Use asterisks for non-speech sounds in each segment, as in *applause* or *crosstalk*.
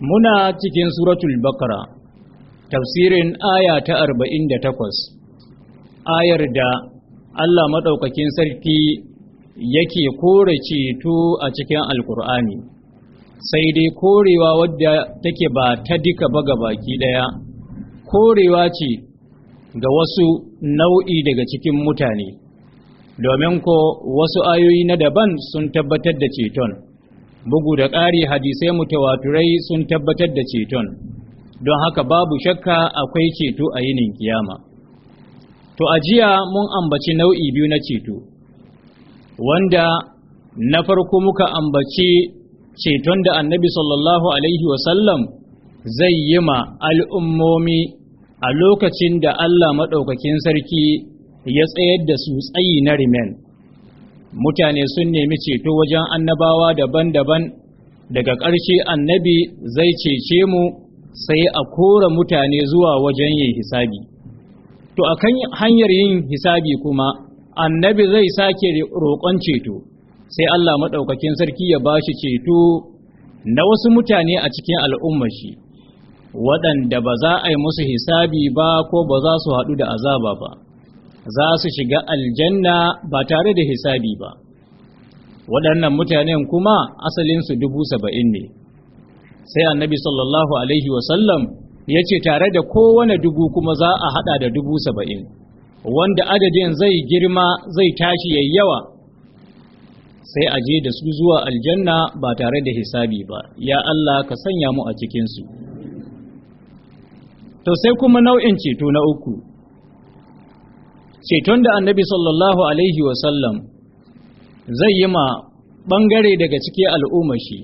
muna cikin suratul bakara tafsirin aya ta takwas, ayar da Allah maɗaukakin sarki yake kore ceto a cikin alkur'ani sai dai korewa wadda take ba ta duka ba ga baki ɗaya korewa ce ga wasu nau'i daga cikin mutane domin ko wasu ayoyi na daban sun tabbatar da ceton bugu da ƙari hadisai mutawaturai sun tabbatar da ceton don haka babu shakka akwai ceto a yinin kiyama to a jiya mun ambaci nau'i biyu na ceto wanda na farko muka ambaci ceton da annabi sallallahu alaihi wasallam zai yi ma al'ummomi a lokacin da Allah maɗaukakin sarki ya tsayar da su tsayi na riman. mutane sun nemi ceto wajen annabawa daban-daban daga ƙarshe annabi zai cece mu sai a kora mutane zuwa wajen yin hisabi to a kan hanyar yin hisabi kuma annabi zai sake roƙon ceto sai Allah maɗaukakin sarki ya ba shi ceto na wasu mutane a cikin al'ummashi, waɗanda ba za a yi musu hisabi ba ko ba za su haɗu da azaba ba. za su shiga aljanna ba tare da hisabi ba waɗannan mutanen kuma asalinsu dubu saba'in ne sai annabi sallallahu alaihi wasallam ya ce tare da kowane dubu kuma za a haɗa da dubu saba'in wanda adadin zai girma zai tashi yayi yawa sai a je da su zuwa aljanna ba tare da hisabi ba ya Allah ka sanya mu a cikinsu to sai kuma nau'in ceto na uku ceton da annabi sallallahu alaihi wasallam zai yi ma ɓangare daga cikin al'umashi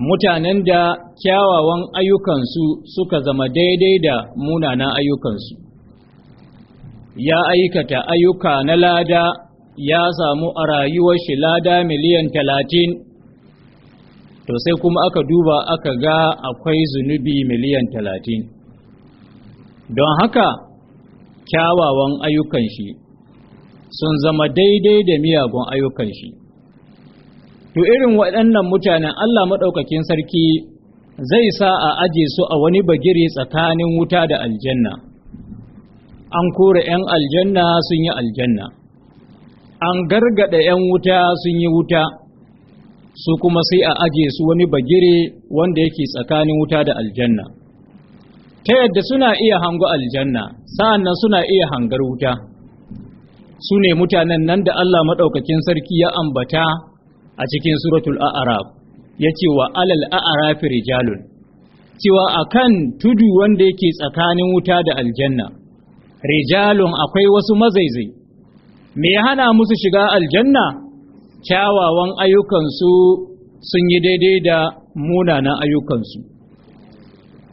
mutanen da kyawawan ayyukansu suka zama daidai da munana ayyukansu ya aikata ayyuka na lada ya samu a rayuwar shi lada miliyan talatin to sai kuma aka duba aka ga akwai zunubi miliyan talatin don haka kyawawan ayyukan shi sun zama daidai da miyagun ayyukan shi to irin waɗannan mutanen Allah maɗaukakin sarki zai sa a aje su a wani bagiri tsakanin wuta da aljanna an kore 'yan aljanna sun yi aljanna an gargada 'yan wuta sun yi wuta su kuma sai a aje su wani bagire wanda yake tsakanin wuta da aljanna ta yadda suna iya hango aljanna sa'an nan suna iya hangar wuta su ne mutanen nan da Allah maɗaukakin sarki ya ambata a cikin suratul a'arab ya ce wa alal a'arafi rijalun cewa a kan tudu wanda yake tsakanin wuta da aljanna rijalun akwai wasu mazaizai me ya hana musu shiga aljanna kyawawan ayyukansu sun yi daidai da munanan ayyukansu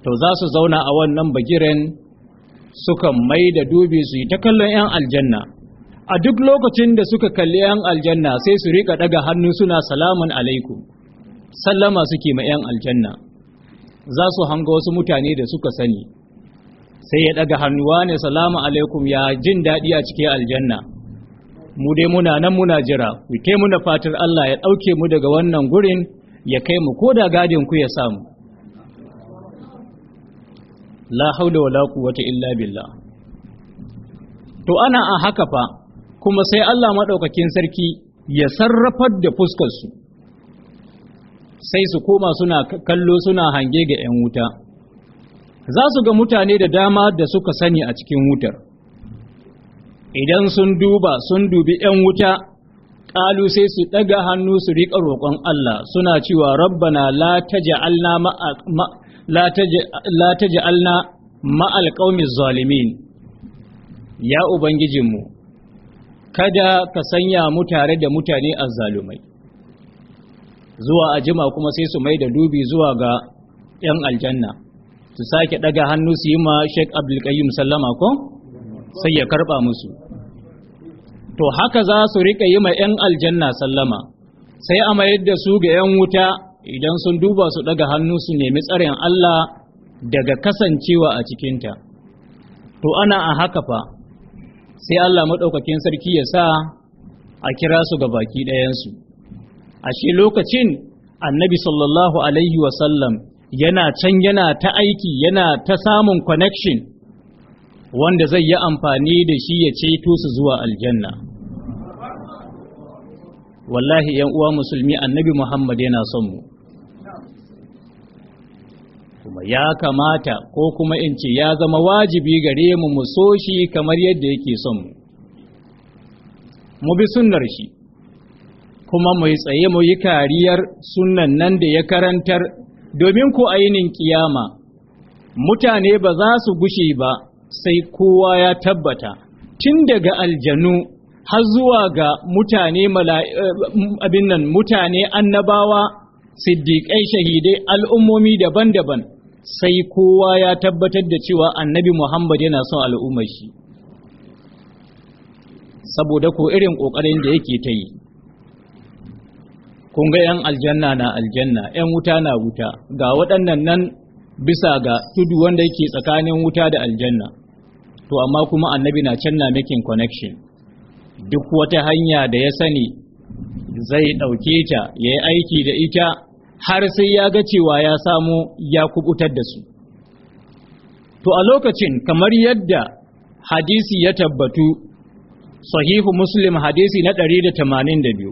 to za su zauna a wannan bagiren sukan mai da dubi su yi ta kallon 'yan aljanna a duk lokacin da suka kalli 'yan aljanna sai su rika ɗaga hannu suna salamun alaikum sallama suke ma 'yan aljanna za su hanga wasu mutane da suka sani sai ya ɗaga hannuwa ne salamu alaikum ya jin daɗi a cikin aljanna mu dai muna nan muna jira ku ke muna fatar Allah ya ɗauke mu daga wannan gurin ya kai mu ko da gadin ku ya samu la haula wala quwwata illa billah to ana a haka fa kuma sai Allah madaukakin sarki ya sarrafar da fuskar su sai su koma suna kallo suna hange ga 'yan wuta za su ga mutane da dama da suka sani a cikin wutar idan sun duba sun dubi 'yan wuta ƙalu sai su ɗaga hannu su riƙa roƙon Allah suna cewa rabbana la ta ja'alna la taj'alna ma'al qaumi zalimin ya ubangijinmu kada ka sanya mu tare da mutane azzalumai zuwa jima kuma sai su mai da dubi zuwa ga yan aljanna su sake ɗaga hannu su yi ma Sheikh Abdul sallama ko sai ya karɓa musu to haka za su rika yi ma yan aljanna sallama sai a mayar da su ga yan wuta idan sun duba su daga hannu su nemi tsarin Allah daga kasancewa a cikinta to ana a haka fa sai Allah maɗaukakin sarki ya sa a kira su ga baki ɗayansu ashe lokacin annabi sallallahu alaihi wasallam yana can yana ta aiki yana ta samun connection wanda zai yi amfani da shi ya ceto su zuwa aljanna wallahi yan uwa musulmi annabi muhammad yana son mu kuma ya kamata ko kuma in ce ya zama wajibi gare mu mu so shi kamar yadda yake son mu mu bi sunnar shi kuma mu yi tsaye mu yi kariyar sunnan nan da ya karantar domin ku ainihin kiyama mutane ba za su gushe ba sai kowa ya tabbata tun daga aljanu har zuwa ga mutane eh, abin mutane annabawa siddiƙai shahidai al'ummomi daban-daban sai kowa ya tabbatar da cewa annabi Muhammad yana son al'ummar shi saboda ko irin ƙoƙarin da yake ta yi kun ga 'yan aljanna na aljanna 'yan wuta na wuta ga waɗannan nan bisa ga tudu wanda yake tsakanin wuta da aljanna to amma kuma annabi na can na making connection duk wata hanya da ya sani zai ɗauke ta ya yi aiki da ita har sai ya ga cewa ya samu ya kubutar da su to a lokacin kamar yadda hadisi ya tabbatu sahihu muslim hadisi na 182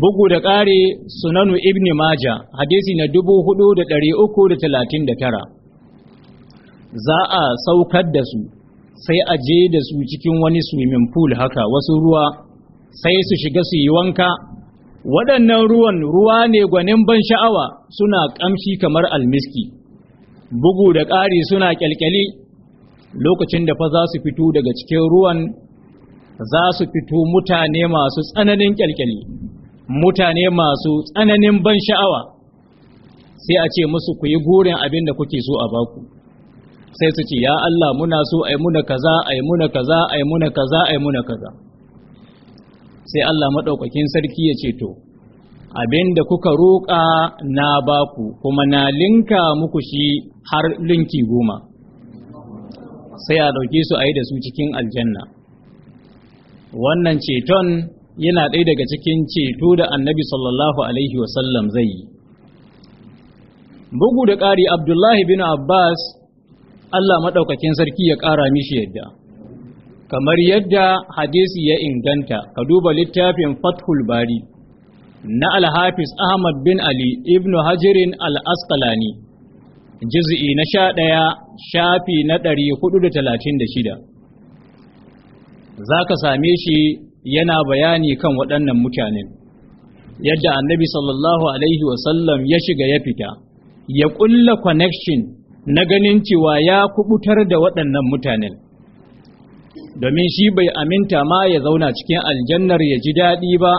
bugu da ƙare sunanu ibn maja hadisi na 4339 za a saukar da su sai a je da su cikin wani swimming pool haka wasu ruwa sai su shiga su yi wanka waɗannan ruwan ruwa ne gwanin ban sha'awa suna ƙamshi kamar almiski bugu da ƙari suna ƙyalƙyali lokacin da fa za su fito daga cikin ruwan za su fito mutane masu tsananin ƙyalƙyali mutane masu tsananin ban sha'awa sai a ce musu ku yi gurin abin da kuke so a baku sai su ce ya Allah muna so ai muna kaza ai muna kaza ai muna kaza ai muna kaza sai Allah maɗaukakin sarki ya ce to abin da kuka roƙa na baku kuma na linka muku shi har linki goma sai a ɗauke su a yi da su cikin aljanna wannan ceton yana ɗaya daga cikin ceto da annabi sallallahu alaihi wasallam zai yi bugu da ƙari abdullahi bin abbas allah maɗaukakin sarki ya ƙara mishi yadda kamar yadda hadisi ya inganta ka duba littafin fathul bari na alhafiz ahmad bin ali ibnu hajirin al-asqalani juz'i na sha ɗaya shafi na ɗari hudu da talatin da shida za ka same shi yana bayani kan waɗannan mutanen yadda annabi sallallahu alaihi wasallam ya shiga ya fita ya ƙulla connection na ganin cewa ya kubutar da waɗannan mutanen domin shi bai aminta ma ya zauna cikin aljannar ya ji daɗi ba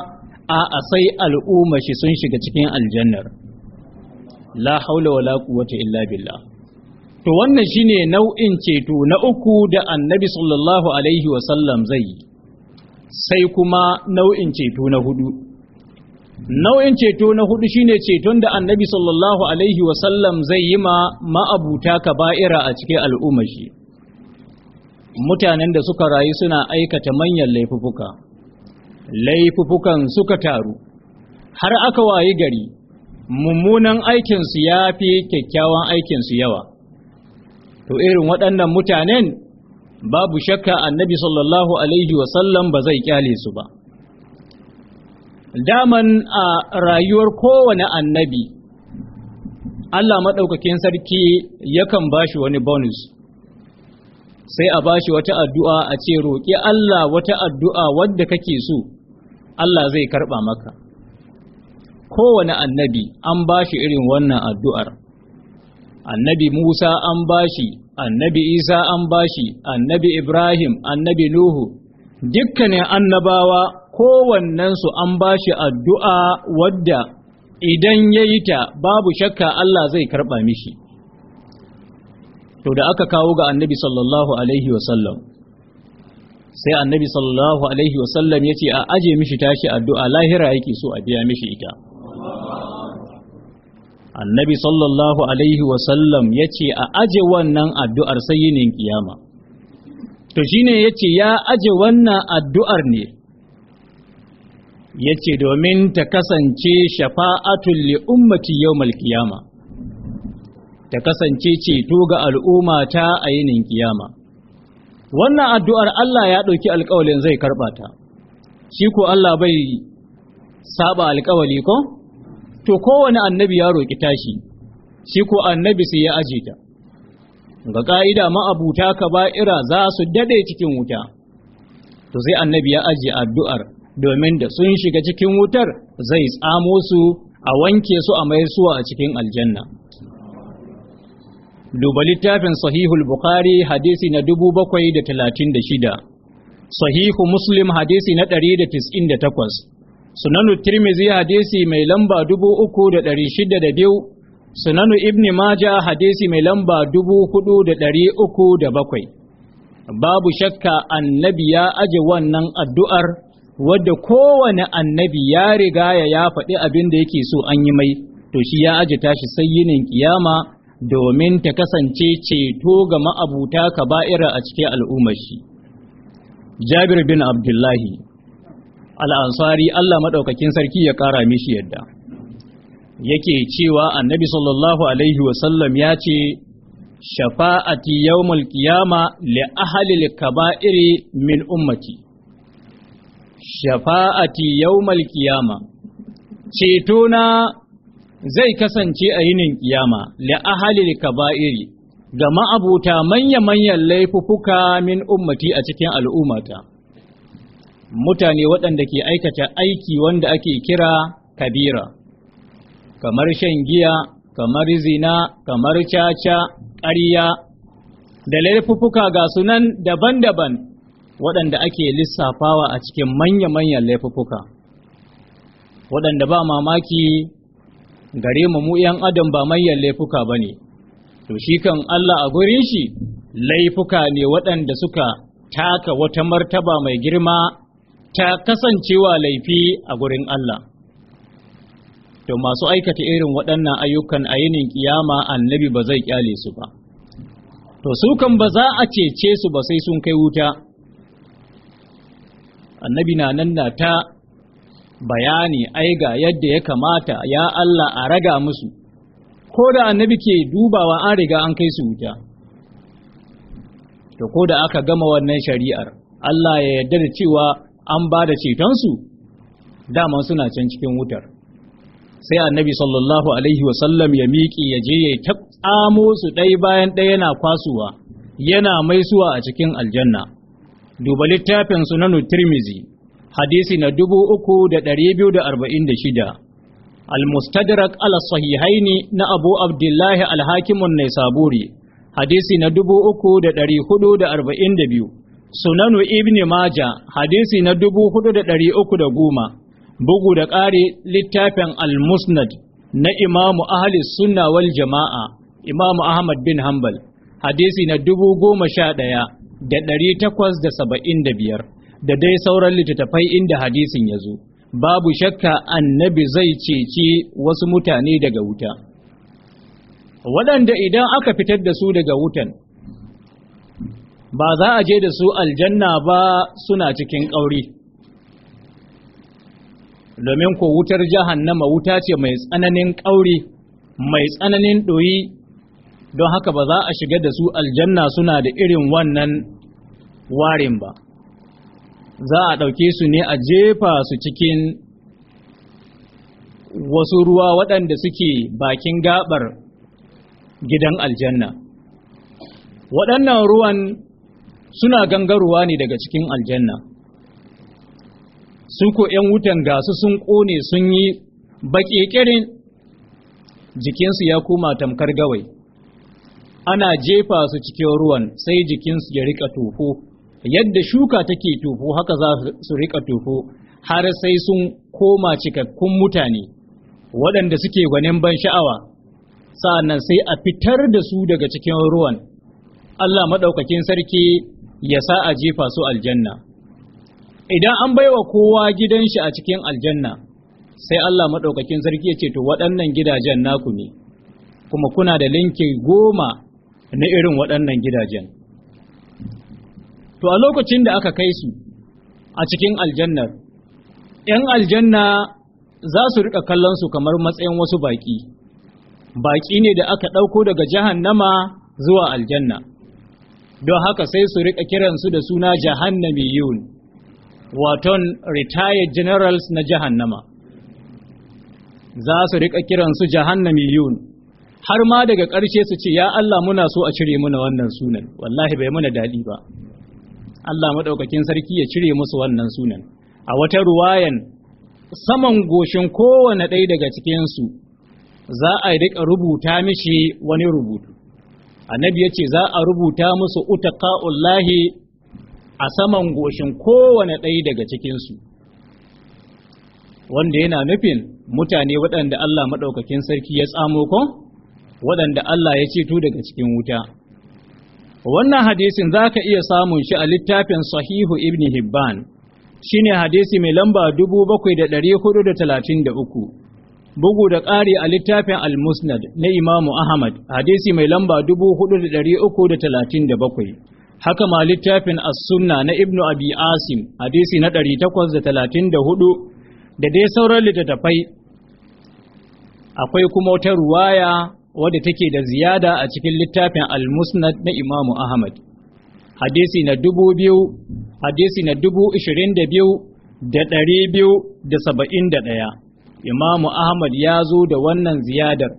a sai al'umma shi sun shiga cikin aljannar la haula wala quwwata illa billah to wannan shine nau'in ceto na uku da annabi sallallahu alaihi wasallam zai yi sai kuma nau'in ceto na hudu nau'in ceto na hudu shine ceton da annabi sallallahu alaihi wasallam zai yi ma ma'abuta ka baira a cikin al'umma shi mutanen da suka rayu suna aikata manyan laifuka laifukan suka taru har aka wayi gari mummunan aikinsu ya fi kyakkyawan aikinsu yawa to irin waɗannan mutanen babu shakka annabi sallallahu alaihi wasallam ba zai kyale su ba daman a rayuwar kowane annabi Allah maɗaukakin sarki yakan bashi wani bonus sai a bashi wata addu'a a ce roƙi Allah wata addu'a wadda kake so Allah zai karɓa maka kowane annabi an bashi irin wannan addu'ar annabi Musa an bashi annabi Isa an bashi annabi Ibrahim annabi Nuhu dukkanin annabawa kowannensu an bashi addu'a wadda idan ya yi ta babu shakka Allah zai karɓa mishi to da aka kawo ga annabi sallallahu alaihi wasallam sai annabi sallallahu alaihi wasallam ya ce a aje mishi tashi addu'a lahira yake so a biya mishi ita annabi sallallahu alaihi wasallam ya ce a aje wannan addu'ar sayyinin kiyama to shine ya ce ya aje wannan addu'ar ne ya ce domin ta kasance shafa'atul li ummati yawmal kiyama ta kasance ceto ga al'umma ta a yinin kiyama wannan addu'ar Allah ya ɗauki alƙawalin zai karɓa ta shi ko Allah bai saba alƙawali ko to kowane annabi ya roƙi tashi shi ko annabi sai ya aje ta ga ƙa'ida ma'abuta ira za su daɗe cikin wuta to sai annabi ya aje addu'ar domin da sun shiga cikin wutar zai tsamo su a wanke su a mai suwa a cikin aljanna duba littafin sahihul bukhari hadisi na shida sahihu muslim hadisi na ɗari da da tis'in takwas sunanu tirmizi hadisi mai lamba dubu uku da da ɗari shida biyu sunanu ibni maja hadisi mai lamba dubu hudu da da ɗari uku bakwai. babu shakka annabi ya aje wannan addu'ar wadda kowane annabi ya riga ya faɗi abin da yake so an yi mai to shi ya aje tashi sai yinin kiyama domin ta kasance ceto ga ma'abuta Kaba'ir a cikin al'ummashi shi jabir bin abdullahi al'ansari allah maɗaukakin sarki ya ƙara mishi yadda yake cewa annabi sallallahu alaihi wasallam ya ce shafa'ati yau mulkiyama, li ahli kaba'iri min ummati shafa'ati mulkiyama, ceto na. zai kasance a yinin kiyama li ahalil kaba'iri ga ma'abuta manya-manyan laifuka min ummati a cikin al'ummata mutane waɗanda ke aikata aiki wanda ake kira kabira kamar shan giya kamar zina kamar caca ƙarya da laifuka ga sunan daban-daban waɗanda ake lissafawa a cikin manya-manyan laifuka waɗanda ba mamaki gare mu mu ‘yan adam ba manyan laifuka ba ne, to shi kan Allah a gurin shi laifuka ne waɗanda suka taka wata martaba mai girma ta kasancewa laifi a gurin Allah. To masu aikata irin waɗannan ayyukan a yinin ƙiyama annabi ba zai ƙyale su ba. To su kan ba za a cece su ba sai sun kai wuta. Annabi na nan na ta bayani ai ga yadda ya kamata ya Allah a raga musu ko da annabi ke dubawa an riga an kai su wuta to ko da aka gama wannan shari'ar Allah ya yarda da cewa an ba da cetonsu dama suna can cikin wutar sai annabi sallallahu alaihi wasallam ya miƙe ya je ya ta tsamo su ɗaya bayan ɗaya yana kwasuwa yana mai maisuwa a cikin aljanna duba littafin sunanu tirmizi hadisi na 3246 al-mustadrak ala sahihaini na abu abdullahi al-hakimun naisaburi hadisi na 3442 sunanu ibn maja hadisi na goma, bugu da ƙari littafin al-musnad na imamu ahli sunna wal jama'a imamu ahmad bin hanbal hadisi na dubu goma sha ɗaya da da biyar. da dai sauran littattafai inda hadisin ya zo babu shakka annabi zai ceci wasu mutane daga wuta waɗanda idan aka fitar da su daga wutan ba za a je da su aljanna ba suna cikin ƙauri domin ko wutar jahannama wuta ce mai tsananin ƙauri mai tsananin ɗoyi don haka ba za a shiga da su aljanna suna da irin wannan warin ba za a ɗauke su ne a jefa su cikin wasu ruwa waɗanda suke bakin gabar gidan aljanna waɗannan ruwan suna gangarwa ne daga cikin aljanna su ko 'yan wutan gasu sun ƙone sun yi baƙeƙirin jikinsu ya koma tamkar gawai ana jefa su cikin ruwan sai jikinsu ya riƙa toho yadda shuka take tofo haka za su rika tofo har sai sun koma cikakkun mutane waɗanda suke gwanin ban sha'awa sa'annan sai a fitar da su daga cikin ruwan Allah maɗaukakin sarki ya sa a jefa su aljanna idan an baiwa kowa gidan shi a cikin aljanna sai Allah maɗaukakin sarki ya ce to waɗannan gidajen naku ne kuma kuna da linki goma na irin waɗannan gidajen. to a lokacin da aka kai su a cikin aljannar ‘yan aljanna za su riƙa kallon su kamar matsayin wasu baƙi baƙi ne da aka ɗauko daga jahannama zuwa aljanna don haka sai su riƙa kiransu da suna jahannamiyun waton retired generals na jahannama za su riƙa kiransu jahannamiyun har ma daga ƙarshe su ce ya Allah muna so a cire muna wannan sunan wallahi bai muna daɗi ba Allah maɗaukakin sarki ya cire musu wannan sunan a wata ruwayan saman goshin kowane ɗaya daga cikinsu za a riƙa rubuta mishi wani rubutu annabi ya ce za a rubuta musu utaqa'ullahi a saman goshin kowane ɗaya daga cikinsu wanda yana nufin mutane waɗanda Allah maɗaukakin sarki ya tsamo ko waɗanda Allah ya ceto daga cikin wuta wannan hadisin za ka iya samun shi a littafin sahihu ibn hibban shi ne hadisi mai lamba 7433 bugu da ƙari a littafin al-musnad na imamu ahmad hadisi mai lamba 4337 haka ma littafin as-sunna na ibnu abi asim hadisi na 834 da dai sauran littattafai akwai kuma wata ruwaya wadda take da ziyada a cikin littafin al-musnad na Imam Ahmad hadisi na dubu biyu hadisi na dubu ishirin da biyu da ɗari biyu da saba'in da ɗaya Imam Ahmad ya zo da wannan ziyadar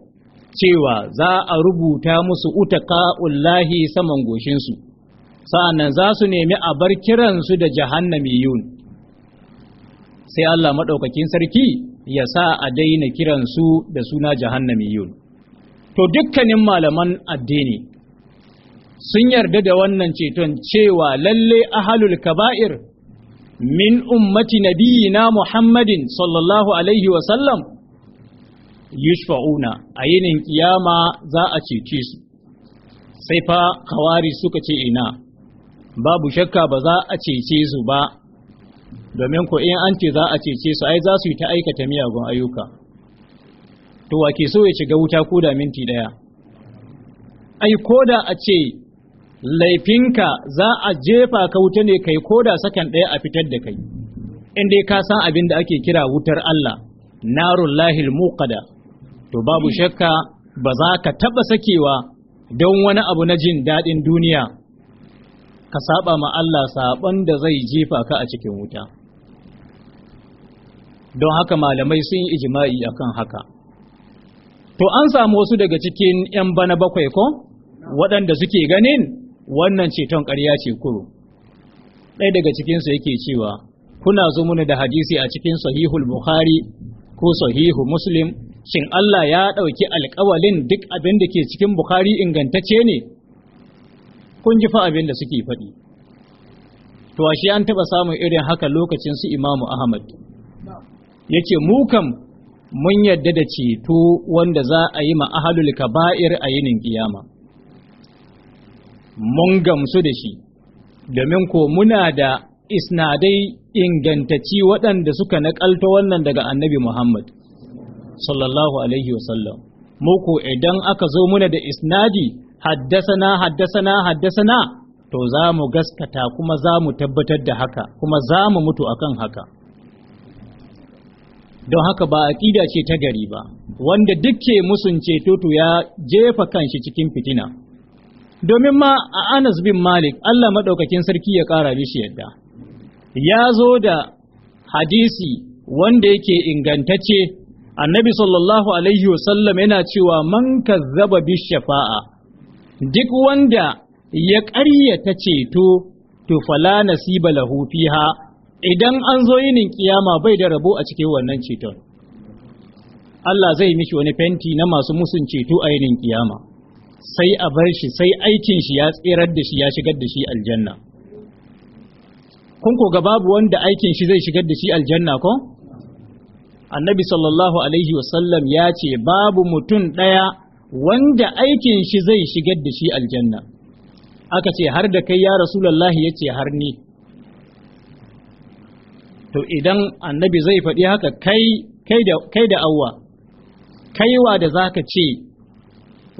cewa za a rubuta musu utaka'ullahi saman goshinsu sa'annan za su nemi a bar kiransu da jahannami yun sai Allah maɗaukakin sarki ya sa a daina kiransu da suna jahannami yun to dukkanin malaman addini sun yarda da wannan ceton cewa lalle ahalul kaba'ir min ummati nabiyina muhammadin sallallahu alaihi wasallam yushfa'una a yinin kiyama za a cece su sai fa kawari suka ce ina babu shakka ba za a cece su ba domin ko in an ce za a cece su ai za su yi ta aikata miyagun ayyuka to wa ke so ya shiga wuta ko da minti ɗaya? ai ko da a ce laifinka za a jefa ka wuta ne kai ko da sakan ɗaya a fitar da kai Inda ka san abin da ake kira wutar Allah narul lahil muqada to babu shakka ba za ka taɓa sakewa don wani abu na jin daɗin duniya ka saba ma Allah saban da zai jefa ka a cikin wuta don haka malamai sun yi ijima'i akan haka to an samu wasu daga cikin 'yan bana bakwai ko waɗanda suke ganin wannan ceton ƙarya ce kuro ɗaya daga cikinsu yake cewa kuna zo da hadisi a cikin sahihul bukhari ko sahihu muslim shin Allah ya ɗauki alƙawalin duk abin da ke cikin bukhari ingantacce ne kun ji fa abin da suke faɗi to ashe an taɓa samun irin haka lokacin su imamu ahmad yace mu kam mun yadda da ceto wanda za a yi ma ahlul kaba'ir a yinin kiyama mun gamsu da shi domin ko muna da isnadai ingantaci waɗanda suka naƙalta wannan daga annabi Muhammad sallallahu alaihi wasallam muku idan aka zo muna da isnadi haddasana haddasana haddasana to za mu gaskata kuma za mu tabbatar da haka kuma za mu mutu akan haka don haka ba aƙida ce ta gari ba wanda dukke musun to to ya jefa kanshi cikin fitina domin ma a Anas bin Malik Allah madaukakin sarki ya ƙara mishi yadda ya zo da hadisi wanda yake ingantacce annabi sallallahu alaihi wasallam yana cewa man kazzaba bi shafa'a duk wanda ya ƙaryata ceto to fala nasiba lahu fiha idan an zo yinin kiyama bai da rabo a cikin wannan ceton Allah zai mishi wani fenti na masu musun ceto a yinin kiyama sai a bar shi sai aikin shi ya tsirar da shi ya shigar da shi aljanna kun ko ga babu wanda aikin shi zai shigar da shi aljanna ko annabi sallallahu alaihi wasallam ya ce babu mutum ɗaya wanda aikin shi zai shigar da shi aljanna aka ce har da kai ya rasulullahi ya ce har ni to idan annabi zai faɗi haka kai kai da kai awwa kaiwa da za ka ce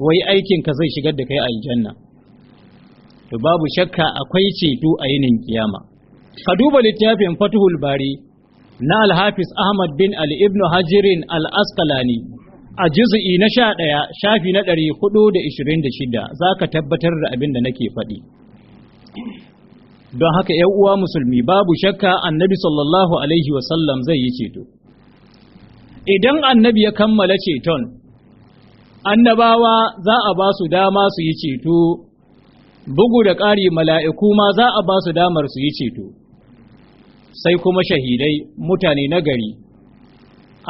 wai aikin ka zai shigar da kai aljanna to babu shakka akwai ceto a yinin kiyama ka duba littafin Fathul Bari na alhafiz Ahmad bin Ali ibn Hajirin Al-Asqalani a juz'i na sha ɗaya shafi na ɗari hudu da ishirin da shida za ka tabbatar da abin da nake faɗi don haka ‘yan uwa musulmi babu shakka annabi sallallahu alaihi wasallam zai yi ceto idan annabi ya kammala ceton annabawa za a ba su dama su yi ceto bugu da ƙari mala'iku ma za a ba su damar su yi ceto sai kuma shahidai mutane nagari,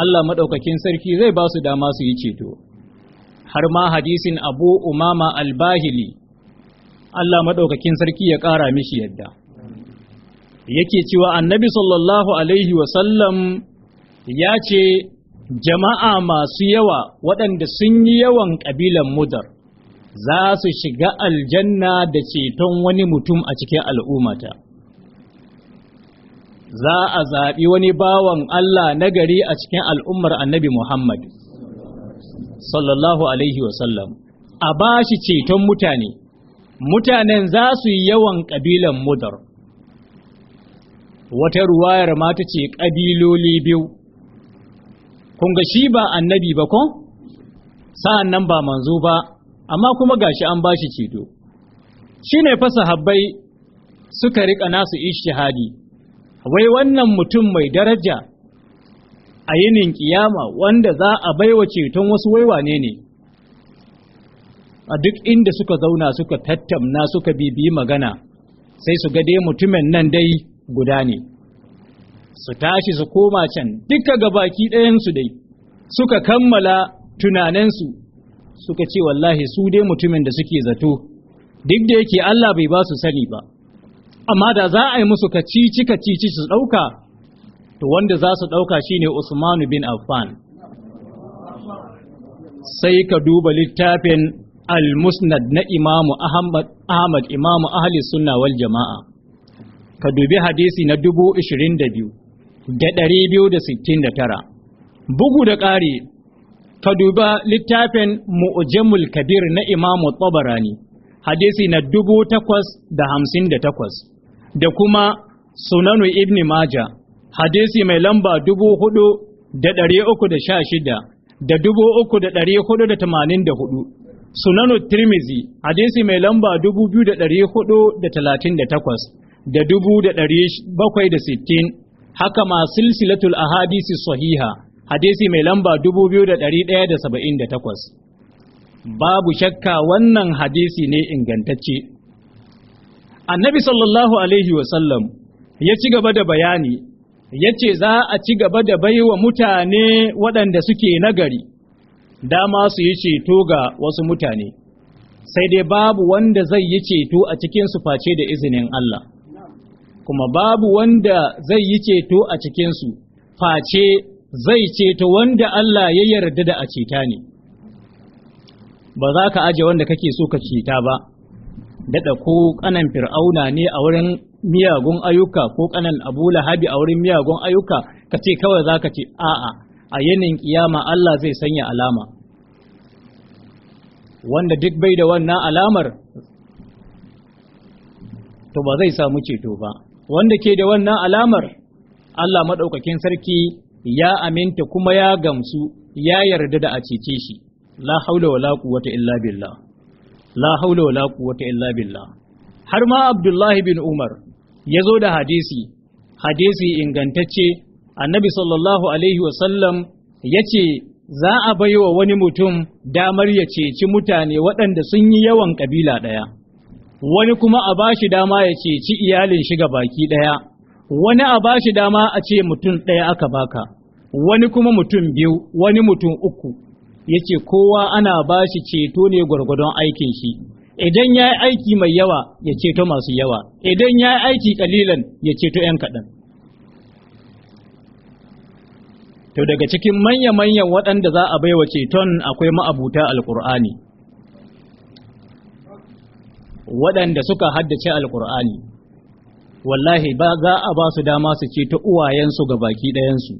Allah maɗaukakin sarki zai ba su dama su yi ceto har ma hadisin abu umama albahili Allah maɗaukakin sarki ya ƙara mishi yadda yake cewa annabi sallallahu alaihi wasallam ya ce jama'a masu yawa waɗanda sun yi yawan ƙabilan mudar za su shiga aljanna da ceton wani mutum a cikin al'ummata za a zaɓi wani bawan Allah nagari a cikin al'ummar annabi Muhammad sallallahu alaihi wasallam a ba shi ceton mutane mutanen za su yi yawan ƙabilan mudar wata ruwayar mata ce ƙabiloli biyu kun ga shi ba annabi ba ko sa'an nan ba manzo ba amma kuma ga shi an ba shi ceto shi ne fasa habbai suka riƙa nasu ishtihadi wai wannan mutum mai daraja a yinin kiyama wanda za a baiwa ceton wasu waiwane ne a duk inda suka zauna suka tattamna suka bibiyi magana sai su ga dai mutumin nan dai guda ne su tashi su koma can duka gabaki ɗayansu dai suka kammala tunaninsu suka ce wallahi su dai mutumin da suke zato duk da yake Allah bai ba su sani ba amma da za a yi musu kacici kacici su ɗauka to wanda za su ɗauka shine Usmanu bin Affan sai ka duba littafin al-musnad na imamu ahmad ahmad imamu ahli sunnawal jama'a ka dubi hadisi na 22 da 269 bugu da ƙari ka duba littafin mu'jamul kabir na imamu tabarani hadisi na 858 da da kuma sunanu ibn maja hadisi mai lamba 4316 da 3484 sunanu tirmizi hadisi mai lamba 2438 da 2760 haka ma silsilatul ahadisi sahiha hadisi mai lamba 2178 babu shakka wannan hadisi ne ingantacce annabi sallallahu alaihi wasallam ya ci gaba da bayani ya ce za a ci gaba da baiwa mutane waɗanda suke nagari dama su yi ceto ga wasu mutane sai dai babu wanda zai yi ceto a cikin su face da izinin Allah kuma babu wanda zai yi ceto a cikin su face zai ceto wanda Allah ya yarda da a ceta ne ba za ka aje wanda kake so ka ceta ba daɗa ko ƙanan fir'auna ne a wurin miyagun ayyuka ko ƙanan abu lahabi a wurin miyagun ayyuka ka ce kawai za ka ce a'a a yanin kiyama Allah zai sanya alama wanda duk bai da wannan alamar to ba zai samu ceto ba wanda ke da wannan alamar Allah maɗaukakin sarki ya aminta kuma ya gamsu ya yarda da a cece shi la haula wala quwwata illa billah la haula wala quwwata illa billah har ma Abdullahi bin Umar ya zo da hadisi hadisi ingantacce annabi sallallahu alaihi wasallam ya ce za a baiwa wani mutum damar ya ceci mutane waɗanda sun yi yawan ƙabila ɗaya, wani kuma a ba shi dama ya ceci iyalin shi ga baki ɗaya, wani a ba shi dama a ce mutum ɗaya aka baka, wani kuma mutum biyu, wani mutum uku, ya ce kowa ana ba shi ceto ne gwargwadon aikin shi. Idan ya yi aiki mai yawa ya ceto masu yawa, idan ya yi aiki ƙalilan ya ceto ‘yan kaɗan. to daga cikin manya-manyan waɗanda za a baiwa ceton akwai ma'abuta alkur'ani waɗanda suka haddace alkur'ani wallahi ba za a ba su dama su ceto uwayensu ga baki ɗayansu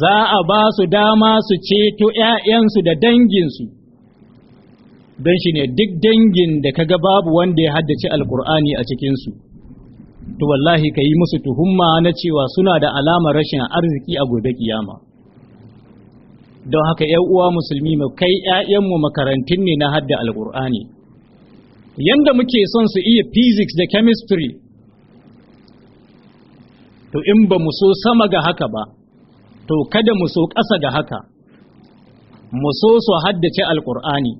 za a ba su dama su ceto ‘ya'yansu da danginsu don shi ne duk dangin da ka ga babu wanda ya haddace alkur'ani a cikinsu to wallahi ka yi musu tuhumma na cewa suna da alamar rashin arziki a gobe kiyama don haka ‘yan uwa musulmi mu kai ‘ya'yanmu makarantun ne na hadda alƙur'ani yanda muke son su iya physics da chemistry to in ba mu so sama ga haka ba to kada mu so ƙasa ga haka mu so su haddace alkur'ani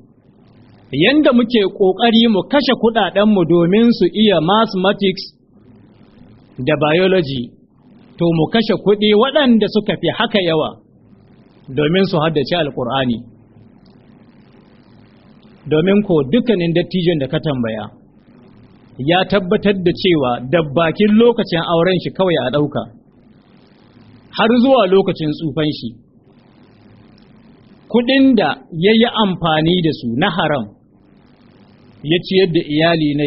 yanda muke ƙoƙari mu kashe kuɗaɗenmu domin su iya mathematics da biology to mu kashe kuɗi waɗanda suka fi haka yawa domin su haddace alkur'ani domin ko dukkanin dattijon da ka tambaya ya tabbatar da cewa da bakin lokacin auren shi kawai a ɗauka har zuwa lokacin tsufan shi kuɗin da ya yi amfani da su na haram ya ciyar da iyali na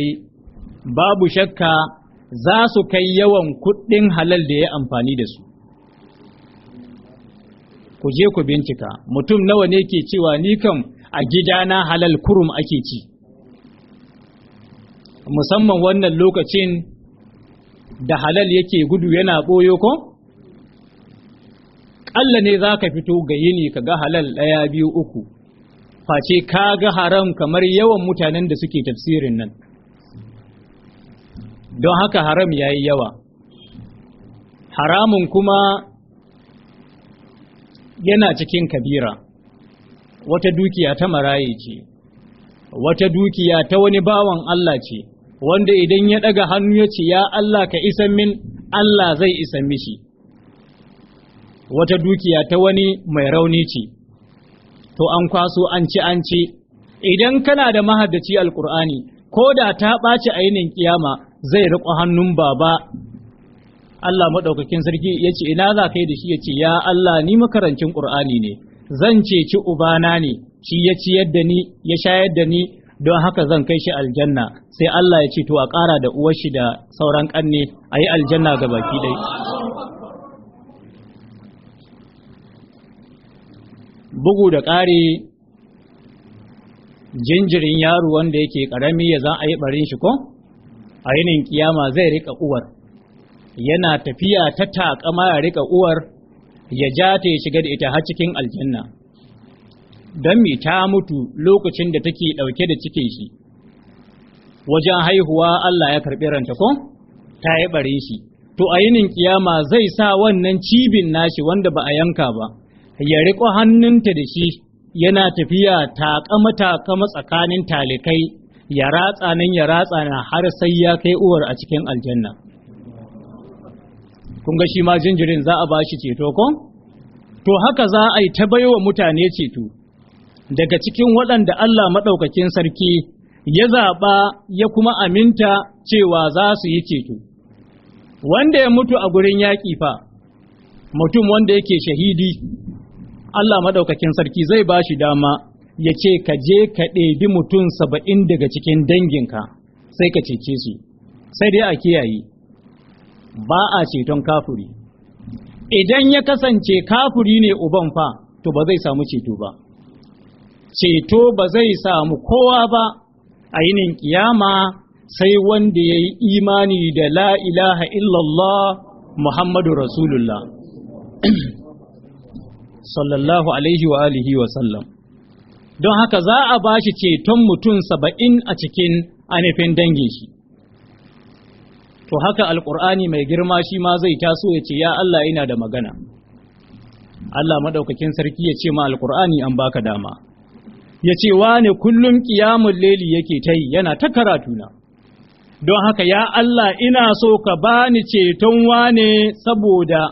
babu shakka za su kai yawan kuɗin halal da ya amfani da su ku je ku bincika mutum nawa ne ke cewa ni kam a gidana halal kurum ake ci musamman wannan lokacin da halal yake gudu yana ɓoyo ko ƙalla ne za ka fito ga yini ka ga halal ɗaya biyu uku face ka ga haram kamar yawan mutanen da suke tafsirin nan don haka haram ya yi yawa haramun kuma yana cikin kabira wata dukiya ta maraye ce wata dukiya ta wani bawan Allah ce wanda idan ya ɗaga hannu ya ce ya Allah ka isan min Allah zai isan mishi wata dukiya ta wani mai rauni ce to an kwaso an ci an ci idan kana da mahaddaci alkur'ani ko da ta ɓaci ainihin kiyama zai riƙo hannun baba Allah maɗaukakin sarki ya ce ina za ka yi da shi ya ce ya Allah ni makarancin ƙur'ani ne zan Uba na ne shi ya ciyar ni ya shayar da ni don haka zan kai shi aljanna sai Allah ya ce to a ƙara da uwar shi da sauran ƙanne a yi aljanna ga baki dai. bugu da ƙari jinjirin yaro wanda yake ƙarami ya za a yi ɓarin shi ko a yinin kiyama zai rika uwar yana tafiya ta taƙama ya rika uwar ya ja ta ya shiga da ita har cikin aljanna don mi ta mutu lokacin da take ɗauke da cikin shi wajen haihuwa Allah ya karɓi ranta ko ta yi bare shi to a yinin kiyama zai sa wannan cibin nashi wanda ba a yanka ba ya riƙo hannunta da shi yana tafiya taƙama-taƙama tsakanin talikai ya ratsa nan ya ratsa na har sai ya kai uwar a cikin aljanna kun ga shi ma jinjirin za a ba shi ceto ko to haka za a yi ta baiwa mutane ceto daga cikin waɗanda Allah maɗaukakin sarki ya zaɓa ya kuma aminta cewa za su yi ceto wanda ya mutu a gurin yaƙi fa mutum wanda yake shahidi Allah maɗaukakin sarki zai ba shi dama ya ce ka je ka ɗebi mutum saba'in daga cikin danginka sai ka cece su sai dai a kiyaye ba a ceton kafuri idan ya kasance kafuri ne uban fa to ba zai samu ceto ba ceto ba zai samu kowa ba a yinin kiyama sai wanda ya yi imani da la ilaha illallah muhammadu rasulullah *clears throat* sallallahu alaihi wa alihi wa sallam don haka za a ba shi ceton mutum saba'in a cikin anifin dangin shi to haka Alƙur'ani mai girma shi ma zai taso ya ce ya Allah ina da magana Allah maɗaukakin sarki ya ce ma Alƙur'ani an baka dama ya ce wane kullum ƙiyamun leli yake ta yi yana ta karatuna don haka ya Allah ina so ka bani ceton wane saboda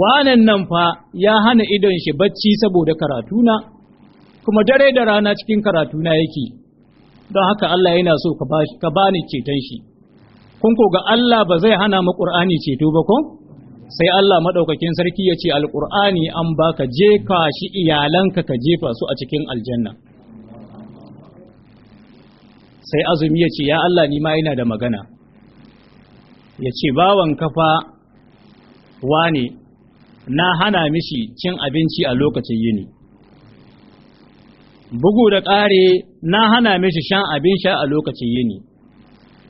wanan nan fa ya hana idon shi bacci saboda karatuna kuma dare da rana cikin karatu karatuna yake don haka Allah yana so ka bani ceton shi kun ko ga Allah ba zai hana mu Qur'ani ceto ba ko sai Allah madaukakin sarki ya ce alqur'ani an baka jefa shi iyalanka ka jefa su a cikin aljanna sai azumi ya ce ya Allah ni ma ina da magana ya ce bawan kafa wane na hana mishi cin abinci a lokacin yini bugu da ƙare na hana mishi shan abin sha a lokacin yini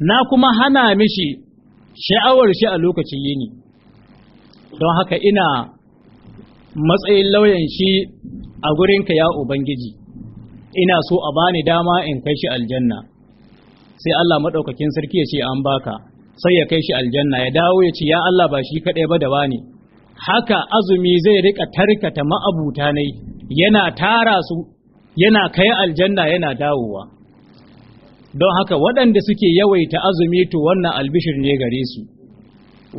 na kuma hana mishi sha'awar shi a lokacin yini don haka ina matsayin lauyan shi a gurinka ya ubangiji ina so a bani dama in kai shi aljanna sai Allah maɗaukakin sarki ya ce an baka sai ya kai shi aljanna ya dawo ya ce ya Allah ba shi kaɗai ba da ne. haka azumi zai riƙa tarkata ma'abuta ne yana tara su yana kai aljanna yana dawowa don haka waɗanda suke yawaita azumi to wannan albishir ne gare su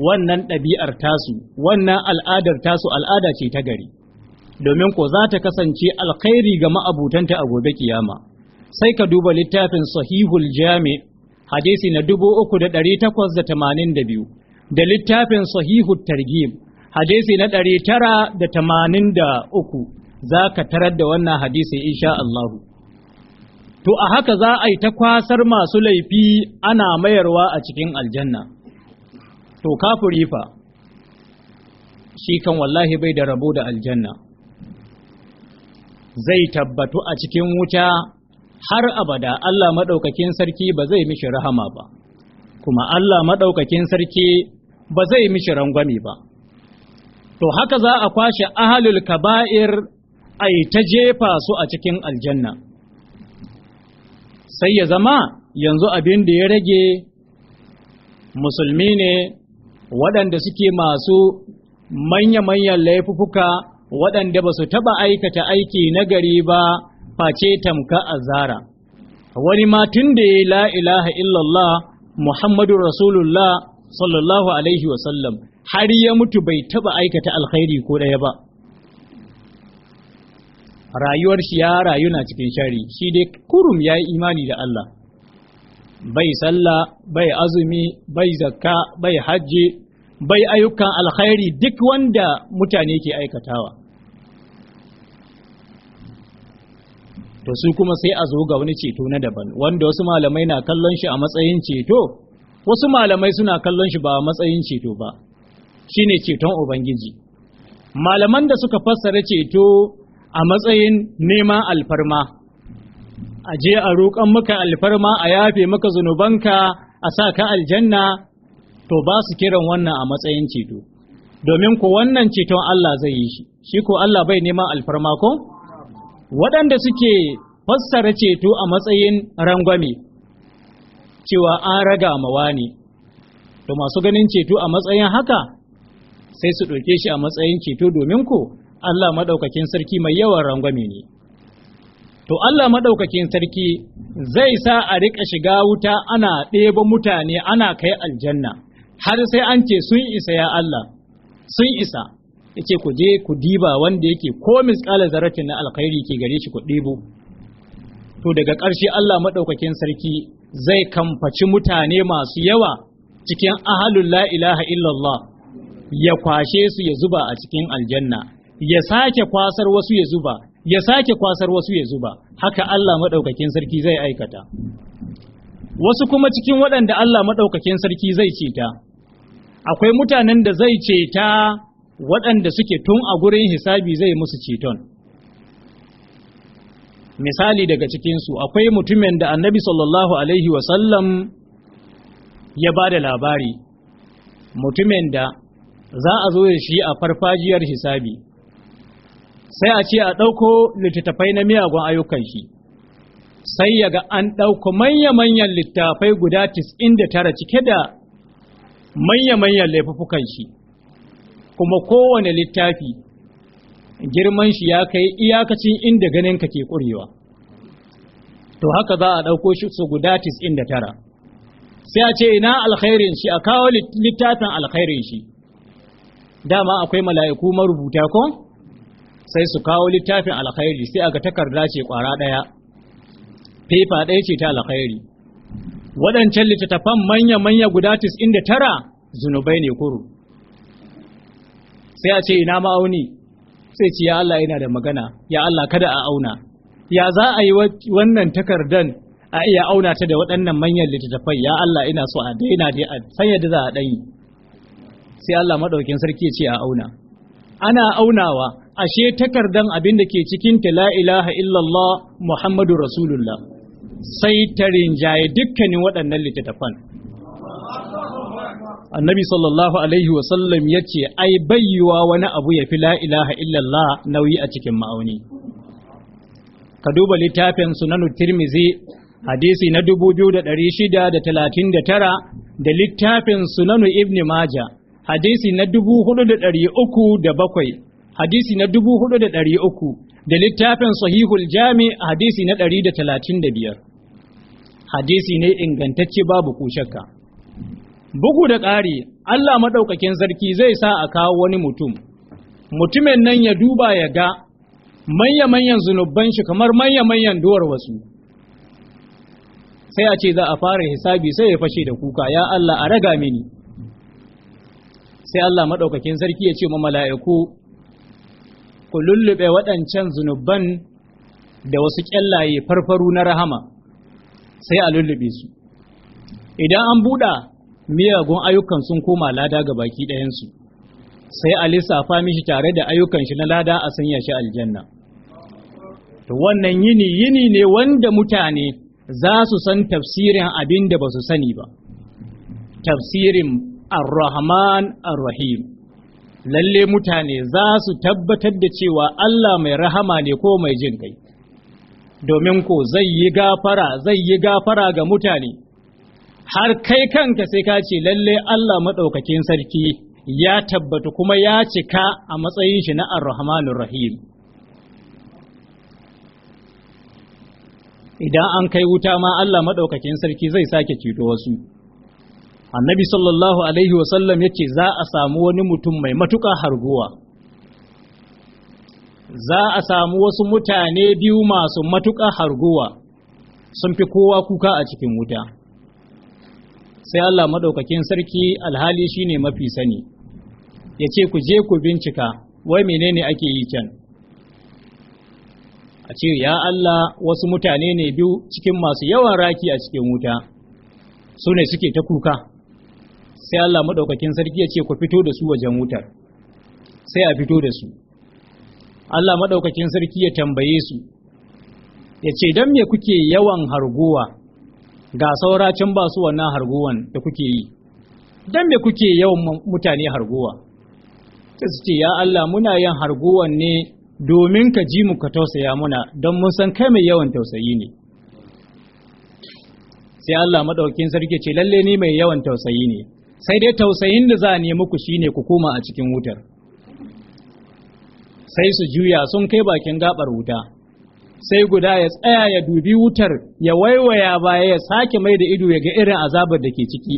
wannan ɗabi'ar tasu wannan al'adar tasu al'ada ce ta gari domin ko za ta kasance alkhairi ga ma'abutanta a gobe kiyama sai ka duba littafin sahihul jami hadisi na 3882 da littafin sahihul targhib hadisi na 983 za ka tarar da wannan hadisi insha Allahu. To a haka za a yi ta kwasar masu laifi ana mayarwa a cikin aljanna. To kafuri fa, shi kan wallahi bai da rabo da aljanna. Zai tabbatu a cikin wuta har abada Allah maɗaukakin sarki ba zai mishi rahama ba, kuma Allah maɗaukakin sarki ba zai mishi rangwame ba. to haka za a kwashe ahalul kaba'ir ai ta jefa su a cikin aljanna sai ya zama yanzu abin da ya rage musulmi ne waɗanda suke masu manya-manyan laifuka waɗanda ba su taɓa aikata aiki na gari ba face tamka a zara wani ma tun da ya yi la ilaha illallah muhammadu rasulullah sallallahu alaihi wasallam har ya mutu bai taɓa aikata alkhairi ko ɗaya ba rayuwar shi ya rayu na cikin shari shi dai kurum ya yi imani da Allah bai sallah bai azumi bai zakka bai hajji bai ayyukan alkhairi duk wanda mutane ke aikatawa to su kuma sai a zo ga wani ceto na daban wanda wasu malamai na kallon shi a matsayin ceto wasu malamai suna kallon shi ba a matsayin ceto ba shine ceton ubangiji malaman da suka fassara ceto a matsayin neman alfarma a je a roƙon maka alfarma a yafe maka zunubanka a sa ka aljanna to ba su kiran wannan a matsayin ceto domin ko wannan ceton Allah zai yi shi shi ko Allah bai neman alfarma ko waɗanda suke fassara ceto a matsayin rangwame cewa an raga mawa ne to masu ganin ceto a matsayin haka sai su ɗauke shi a matsayin ceto domin ko Allah maɗaukakin sarki mai yawan rangwame ne to Allah maɗaukakin sarki zai sa a riƙa shiga wuta ana ɗebo mutane ana kai aljanna har sai an ce sun isa ya Allah sun isa yace ku je ku diba wanda yake ko misƙala zaratin na alkhairi ke gare shi ku ɗebo to daga ƙarshe Allah maɗaukakin sarki zai kamfaci mutane masu yawa cikin ahalun la ilaha illallah ya kwashe su ya zuba a cikin aljanna ya sake kwasar wasu ya zuba ya sake kwasar wasu ya zuba haka Allah maɗaukakin sarki zai aikata wasu kuma cikin waɗanda Allah maɗaukakin sarki zai ceta akwai mutanen da zai ceta waɗanda suke tun a gurin hisabi zai musu ceton misali daga cikinsu akwai mutumin da annabi sallallahu alaihi wasallam ya ba da labari mutumin da za a zo da shi a farfajiyar hisabi sai a ce a ɗauko littattafai na miyagun ayyukan shi sai yaga an ɗauko manya-manyan littattafai guda 99 cike da manya-manyan laifukan shi kuma kowane littafi girman shi ya kai iyakacin inda ganin ka ke ƙurewa to haka za a ɗauko shi su guda 99 sai a ce ina alkhairin shi a kawo littafin alkhairin shi dama akwai mala'iku marubuta ko? sai su kawo littafin alkhairi sai aga takarda ce kwara daya fefa ɗaya ce ta alkhairi waɗancan littattafan manya-manya guda inda tara zunubai ne kuru sai a ce ina ma'auni sai ce ya Allah yana da magana ya Allah kada a auna ya za a yi wannan takardan a iya auna ta da waɗannan manyan littattafai ya Allah ina so a daina dai a san yadda za a ɗanyi sai Allah maɗaukin sarki ya ce a auna ana aunawa ashe takardan abin da ke cikin ta la ilaha illallah muhammadu rasulullah sai ta rinjaye dukkanin waɗannan littattafan annabi sallallahu alaihi wasallam ya ce ai bayyuwa wani abu ya fi la ilaha illallah nauyi a cikin ma'auni ka duba littafin sunanu tirmizi hadisi na 2639 da littafin sunanu ibn maja hadisi na dubu hudu da ɗari uku da bakwai hadisi na dubu hudu da ɗari uku da littafin sahihul jami hadisi na ɗari da talatin da biyar hadisi ne ingantacce babu ko shakka bugu da ƙari Allah maɗaukakin sarki zai sa a kawo wani mutum mutumin nan ya duba ya ga manya-manyan zunubban shi kamar manya-manyan duwar wasu sai a ce za a fara hisabi sai ya fashe da kuka ya Allah a raga mini sai Allah maɗaukakin sarki ya ce ma mala'iku ku lullube waɗancan zunuban da wasu ƙyallaye farfaru na rahama sai a lullube su idan an buɗa miyagun ayyukan sun koma lada ga baki ɗayansu sai a lissafa mishi tare da ayyukan shi na lada a sanya shi aljanna to wannan yini yini ne wanda mutane za su san tafsirin abin da ba su sani ba tafsirin ar-rahman ar-rahim lalle mutane za su tabbatar da cewa Allah mai rahama ne ko mai jin kai domin ko zai yi gafara zai yi gafara ga mutane har kai kanka sai ka ce lalle Allah maɗaukakin sarki ya tabbatu kuma ya cika a matsayin shi na ar ar rahim idan an kai wuta ma Allah maɗaukakin sarki zai sake ceto wasu annabi sallallahu alaihi wasallam ya ce za a samu wani mutum mai matuƙa harguwa za a samu wasu mutane biyu masu matuƙa harguwa sun fi kowa kuka a cikin wuta sai Allah maɗaukakin sarki alhali shine mafi sani ya ce ku je ku bincika wai menene ake yi can a ce ya Allah wasu mutane ne biyu cikin masu yawan raki a cikin wuta su ne suke ta kuka sai Allah madaukakin sarki ya ce ku fito da su wajen wutar sai a fito da su Allah madaukakin sarki ya tambaye su ya ce dan me kuke yawan harguwa ga saura can ba su wannan harguwan da kuke yi dan me kuke yawan mutane harguwa sai su ce ya Allah muna yin harguwan ne domin ka ji mu ka tausaya muna don mun san kai mai yawan tausayi ne sai Allah madaukakin sarki ce lalle ni mai yawan tausayi ne sai dai tausayin da za a nemi ku shine ku koma a cikin wutar sai su juya sun kai bakin gabar wuta sai guda ya tsaya ya dubi wutar ya waiwaya baya ya sake mai da ido ya ga irin azabar da ke ciki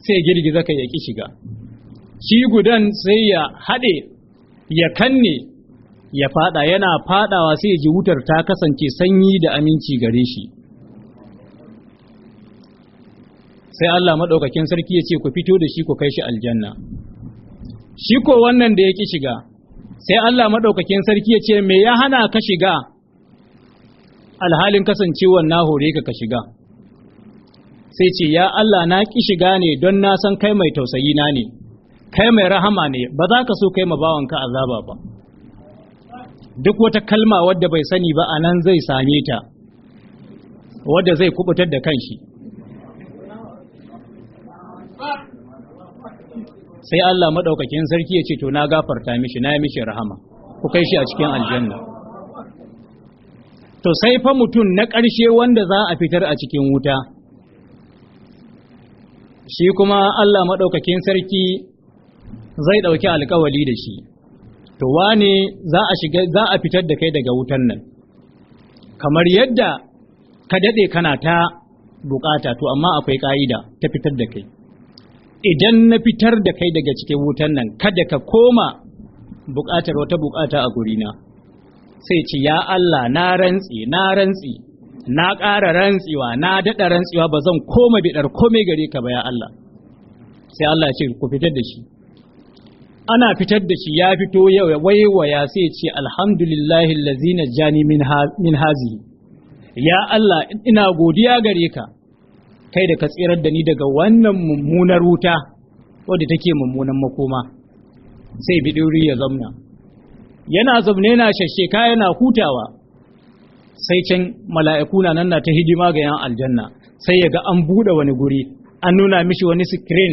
sai girgiza kai ya ki shiga shi gudan sai ya haɗe ya kanne ya fada yana fadawa sai ji wutar ta kasance sanyi da aminci gare shi sai Allah maɗaukakin sarki ya ce ku fito da shi ku kai shi aljanna shi ko wannan da ya ki shiga sai Allah maɗaukakin sarki ya ce me ya hana ka shiga alhalin kasancewa na hore ka ka shiga sai ce ya Allah na ki shiga ne don na san kai mai tausayi na ne kai mai rahama ne ba za ka so kai ma bawanka azaba ba duk wata kalma wadda bai sani ba a nan zai same ta wadda zai kubutar da kanshi sai Allah maɗaukakin sarki ya ce to na gafarta mishi na yi mishi rahama ku kai shi a cikin aljanna to sai fa mutum na ƙarshe wanda za a fitar a cikin wuta shi kuma Allah maɗaukakin sarki zai ɗauki alkawali da shi to wane za a za a fitar da kai daga wutan nan kamar yadda ka daɗe kana ta bukata to amma akwai ka'ida ta fitar da kai idan na fitar da kai daga cikin wutan nan kada ka koma buƙatar wata buƙata a gurina sai ce ya Allah na rantsi na rantsi na ƙara rantsewa na daɗa rantsewa ba zan koma biɗar komai gare ka ba ya Allah sai Allah ce ku fitar da shi ana fitar da shi ya fito yau ya waiwaya sai ce alhamdulillahi allazina jani min hazihi ya Allah ina godiya gare ka kai da ka tsirar da ni daga wannan mummunar wuta wadda take mummunan makoma sai biduri ya zamna yana zamne yana shasheka yana hutawa sai can mala'iku na nan na ta hidima ga yan aljanna sai ya ga an buɗe wani guri an nuna mishi wani screen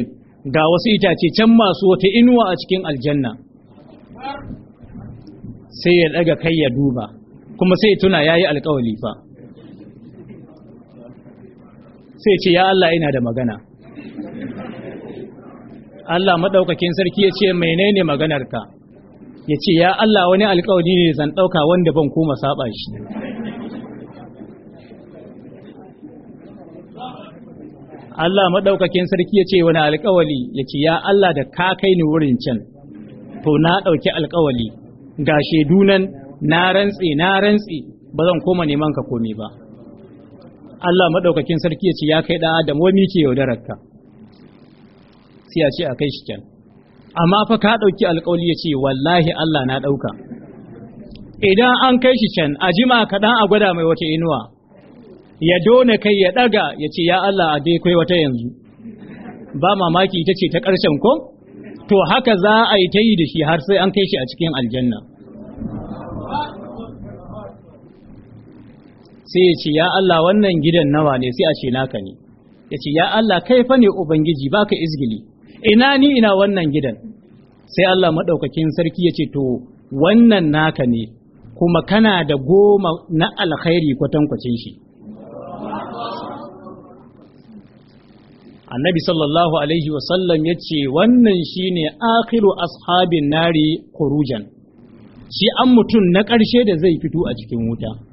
ga wasu itace can masu wata inuwa a cikin aljanna sai ya ɗaga kai ya duba kuma sai tuna ya yi alkawali fa sai ce ya Allah ina da magana Allah maɗaukakin sarki ya ce menene maganarka ya ce ya Allah wani alkawari ne zan ɗauka wanda ban koma saba shi Allah maɗaukakin sarki ya ce wani alkawali ya ce ya Allah da ka kai ni wurin can to na ɗauki alkawali ga shedunan na rantsi na rantsi ba zan koma neman ka komi ba Allah maɗaukakin sarki ya ce ya kai da Adam wai mike yaudarar ka sai a ce a kai shi kyan amma fa ka ɗauki alkali ya ce wallahi Allah na ɗauka idan an kai shi can a jima kaɗan a gwada mai wata inuwa ya dona kai ya ɗaga ya ce ya Allah a dai kai wata yanzu ba mamaki ita ce ta ƙarshen ko to haka za a yi ta yi da shi har sai an kai shi a cikin aljanna sai ya ce ya Allah wannan gidan nawa ne sai a ce naka ne ya ce ya Allah kai fa ne ubangiji baka izgili ina ni ina wannan gidan sai Allah madaukakin sarki ya ce to wannan naka ne kuma kana da goma na alkhairi kwatankwacin shi annabi sallallahu alaihi wasallam ya ce wannan shi ne akhiru ashabin nari kurujan shi an mutum na ƙarshe da zai fito a cikin wuta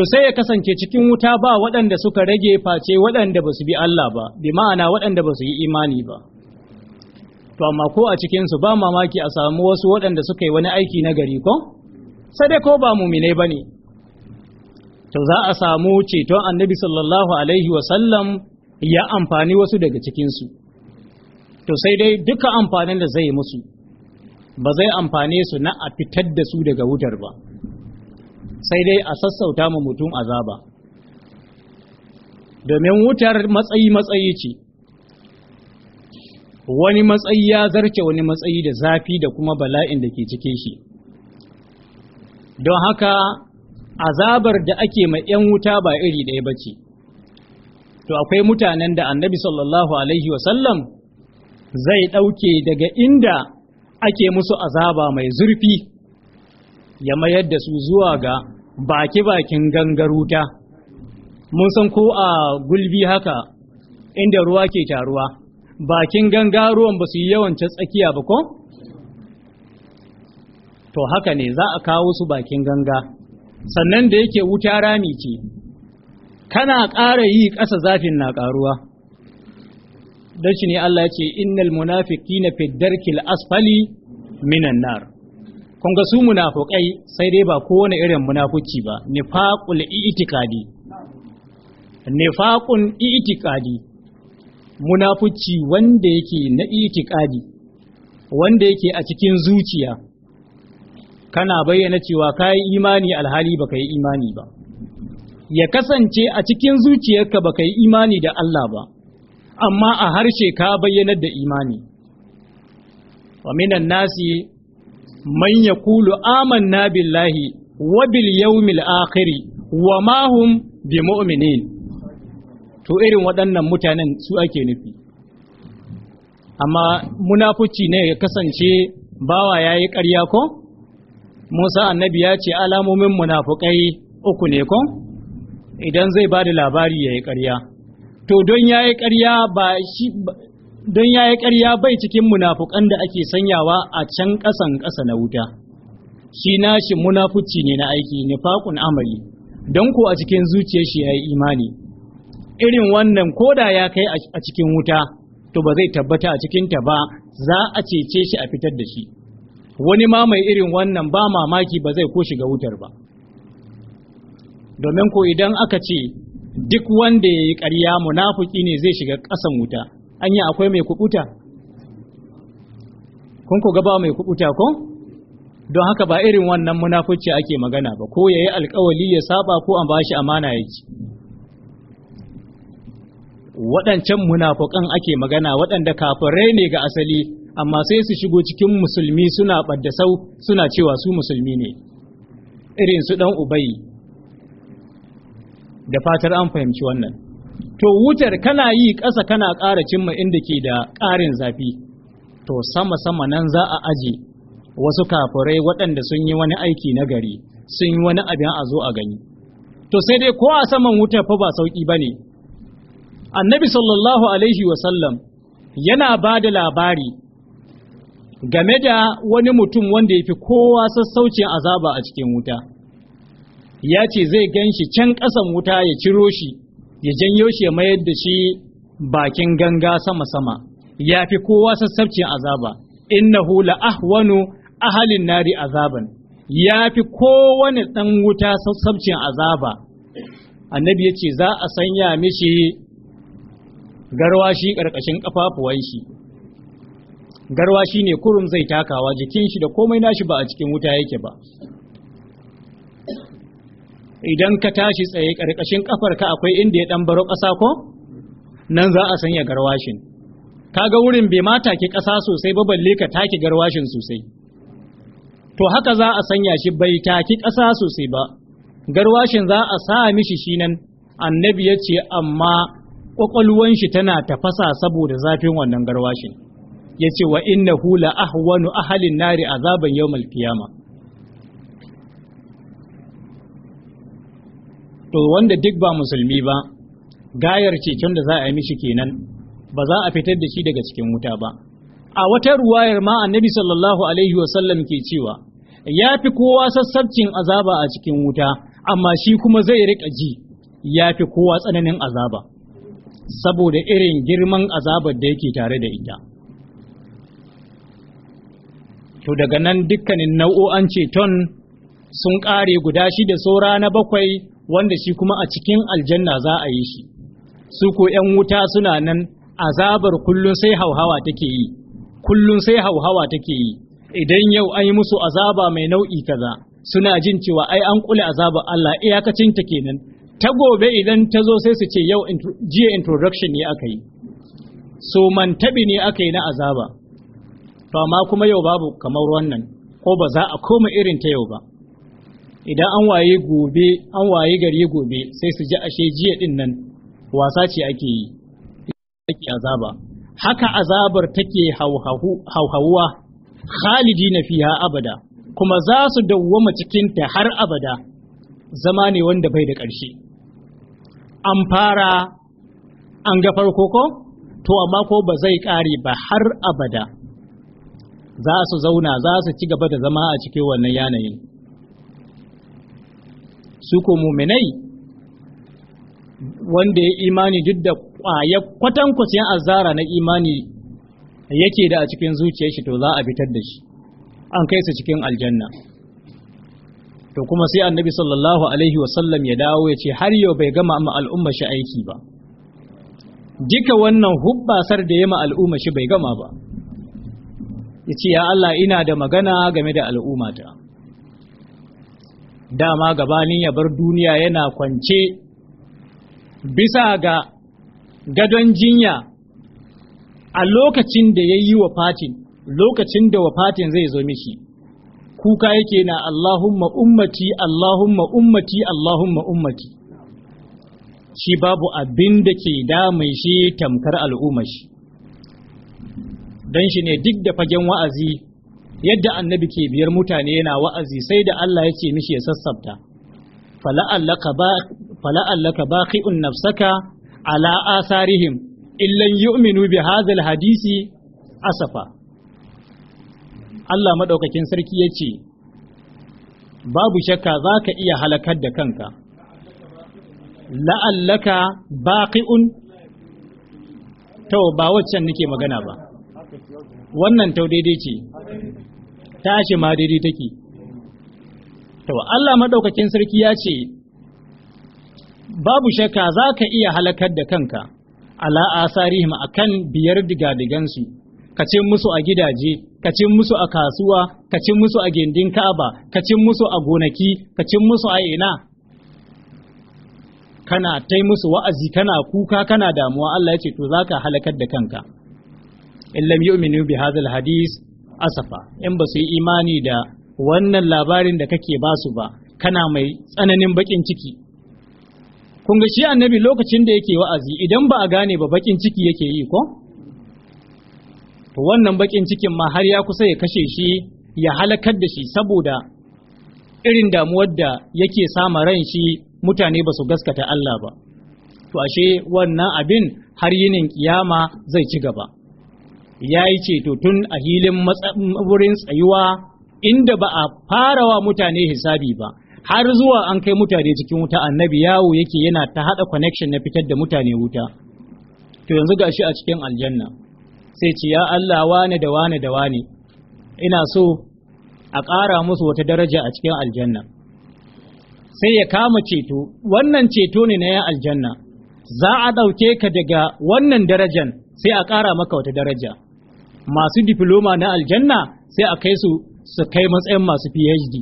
to sai ya kasance cikin wuta ba waɗanda suka rage face waɗanda ba su bi Allah ba bi ma'ana waɗanda ba su yi imani ba to amma ko a cikinsu ba mamaki a samu wasu waɗanda suka yi wani aiki na gari ko Sade ko ba muminai ba ne to za a samu ceton annabi sallallahu alaihi wasallam ya amfani wasu daga cikinsu to sai dai duka amfanin da zai musu ba zai amfane su na a fitar da su daga wutar ba sai dai a sassauta ma mutum azaba domin wutar matsayi matsayi ce wani matsayi ya zarce wani matsayi da zafi da kuma bala'in da ke cike shi don haka azabar da ake ma 'yan wuta ba iri ɗaya ba ce to akwai mutanen da annabi sallallahu alaihi wasallam zai ɗauke daga inda ake musu azaba mai zurfi ya mayar da su zuwa ga baki-bakin gangaruta mun san ko a gulbi haka inda ruwa ke taruwa bakin gangaruwan ba su yi yawancin tsakiya ba ko? to haka ne za a kawo su bakin ganga sannan da yake wuta rami ce kana ƙara yi ƙasa zafin na ƙaruwa don shi ne Allah ce innal munafiqina fi darkil asfali minan nar kun ga su munafukai sai dai ba kowane irin munafuci ba nifaqul i'tiqadi nifaqun i'tiqadi munafuci wanda yake na i'tiqadi wanda yake a cikin zuciya kana bayyana cewa kai imani alhali baka yi imani ba ya kasance a cikin zuciyarka baka yi imani da Allah ba amma a harshe ka bayyanar da imani wa minan nasi man yaqulu amanna billahi wa bil yawmil akhir wa ma hum muminin. to irin waɗannan mutanen su ake nufi amma munafuci ne ya kasance bawa yayi ƙarya ko Musa annabi ya ce alamomin munafukai uku ne ko idan zai ba da labari ya yi ƙarya to don ya yi ƙarya ba shi don ya yi ƙarya bai cikin munafukan da ake sanyawa a can ƙasan ƙasa na wuta shi nashi munafuci ne na aiki nifaqun amali don ko a cikin zuciyar shi ya yi imani irin wannan koda ya kai a cikin wuta to ba zai tabbata a cikin ta ba za a cece shi a fitar da shi wani ma mai irin wannan ba mamaki ba zai ko shiga wutar ba domin ko idan aka ce duk wanda ya yi ƙarya munafuki ne zai shiga ƙasan wuta anya akwai mai kubuta kun ku gaba mai kubuta ko don haka ba irin wannan munafuci ake magana ba ko yayi alkawali ya saba ko an bashi amana yake waɗancan munafukan ake magana waɗanda kafirai ne ga asali amma sai su shigo cikin musulmi suna ɓadda sau suna cewa su musulmi ne irin su ɗan ubai da fatar an fahimci wannan to wutar kana yi ƙasa kana ƙara cimma inda ke da ƙarin zafi to sama sama nan za a aje wasu kafurai waɗanda sun yi wani aiki na gari sun yi wani abin a zo a gani to sai dai ko a saman wutar fa ba sauƙi ba ne annabi sallallahu alaihi wasallam yana ba da labari game da wani mutum wanda ya fi kowa sassaucin azaba a cikin wuta ya ce zai ganshi can ƙasan wuta ya ciro shi ya janyo shi ya mayar da shi bakin ganga sama-sama ya fi kowa sassabcin azaba innahu la ahwanu ahalin nari azaban ya fi kowane ɗan wuta sassabcin azaba annabi ya ce za a sanya mishi garwashi ƙarƙashin Garwa shi garwashi ne kurum zai takawa jikin shi da komai nashi ba a cikin wuta yake ba idan ka tashi tsaye ƙarƙashin ƙafarka akwai inda ya ɗan baro ƙasa ko nan za a sanya garwashin kaga wurin bai ma take ƙasa sosai ba balle ka take garwashin sosai to haka za a sanya shi bai take ƙasa sosai ba garwashin za a sa mishi shi nan annabi ya ce amma ƙwaƙwalwan shi tana tafasa saboda zafin wannan garwashin ya ce wa innahu la ahwanu ahalin nari azaban yawmal qiyamah to wanda duk ba musulmi ba gayar ceton da za a yi mishi kenan ba za a fitar da shi daga cikin wuta ba a wata ruwayar ma annabi sallallahu alaihi wasallam ke cewa ya fi kowa sassabcin azaba a cikin wuta amma shi kuma zai riƙa ji ya fi kowa tsananin azaba saboda irin girman azabar da yake tare da ita to daga nan dukkanin nau'o'an ceton sun ƙare guda shida saura na bakwai wanda shi kuma a cikin aljanna za a yi shi su ko 'yan wuta suna nan azabar kullun sai hauhawa take yi kullun sai hauhawa take yi idan yau an yi musu azaba mai nau'i kaza suna jin cewa ai an kula azabar Allah iyakacin ta kenan ta gobe idan ta zo sai su ce yau jiya introduction ne aka yi so man tabi ne aka yi na azaba to amma kuma yau babu kamar wannan ko ba za a koma irin ta yau ba idan an waye gobe an waye gari gobe sai su ji ashe jiya din nan wasa ce ake yi ake azaba haka azabar take hauhawuwa khalidi na fiha abada kuma za su dawwama cikinta har abada zama ne wanda bai da ƙarshe an fara an ga farko ko to amma ko ba zai ƙare ba har abada za su zauna za su ci gaba da zama a cikin wannan yanayin su ko muminai wanda ya imani duk da kwaya kwatankwacin azara na imani yake da a cikin zuciyar shi to za a fitar da shi an kai su cikin aljanna to kuma sai annabi sallallahu alaihi wasallam ya dawo ya ce har yau bai gama ma al'umma shi aiki ba duka wannan hubbasar da ya ma al'umma shi bai gama ba ya ce ya Allah ina da magana game da al'ummata dama gabanin ya bar duniya yana kwance bisa ga gadon jinya a lokacin da ya yi wafatin lokacin da wafatin zai zo mishi kuka yake na Allahumma ummati Allahumma ummati Allahumma ummati shi babu abin da ke mai shi tamkar al'umma shi don shi ne duk da fagen wa'azi yadda annabi ke biyar mutane yana wa'azi sai da Allah ya ce mishi ya sassabta fala'allaka baqi'un nafsaka ala asarihim illan yu'minu bi hadhal hadisi asafa Allah madaukakin sarki ya ce babu shakka za ka iya halakar da kanka la'allaka baqi'un to ba waccan nake magana ba wannan tau daidai ce tashi ma daidai take to Allah madaukakin sarki ya ce babu shakka za ka iya halakar da kanka ala asarihim akan biyar digadigansu ka ce musu a gidaje ka ce musu a kasuwa ka ce musu a gindin ka'aba ka ce musu a gonaki ka ce musu a ina kana tai musu wa'azi kana kuka kana damuwa Allah ya ce to zaka halakar da kanka in lam yu'minu bi hadhal hadith asafa in ba su yi imani da wannan labarin da kake ba su ba kana mai tsananin bakin ciki kun ga shi annabi lokacin da yake wa'azi idan ba a gane ba bakin ciki yake yi ko to wannan bakin cikin ma har ya kusa ya kashe shi ya halakar da shi saboda irin damuwar da yake sama ran shi mutane ba su gaskata Allah ba to ashe wannan abin har yinin kiyama zai ci gaba ya yi ceto tun a hilin wurin tsayuwa inda ba a farawa mutane hisabi ba har zuwa an kai mutane cikin wuta annabi yawo yake yana ta haɗa connection na fitar da mutane wuta to yanzu gashi a cikin aljanna sai ce ya Allah wane da wane da wane ina so a ƙara musu wata daraja a cikin aljanna sai ya kama ceto wannan ceto ne na ya aljanna za a ɗauke ka daga wannan darajan sai a ƙara maka wata daraja masu diploma na aljanna sai a kai su su kai matsayin masu phd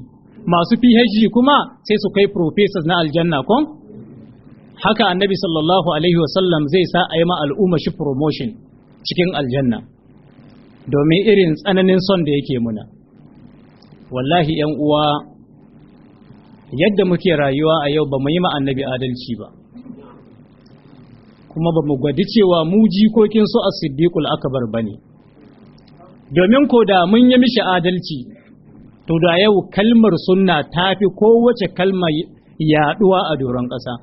masu phd kuma sai su kai professors na aljanna kon haka annabi sallallahu alaihi wasallam zai sa a yi ma al'umma shi promotion cikin aljanna domin irin tsananin son da yake muna wallahi yan uwa yadda muke rayuwa a yau ba mu yi ma annabi adalci ba kuma ba mu gwadi cewa mu jikokin su as-siddiqul akbar bane domin ko da mun yi mishi adalci to da yau kalmar sunna ta fi kowace kalmar yaduwa a doron ƙasa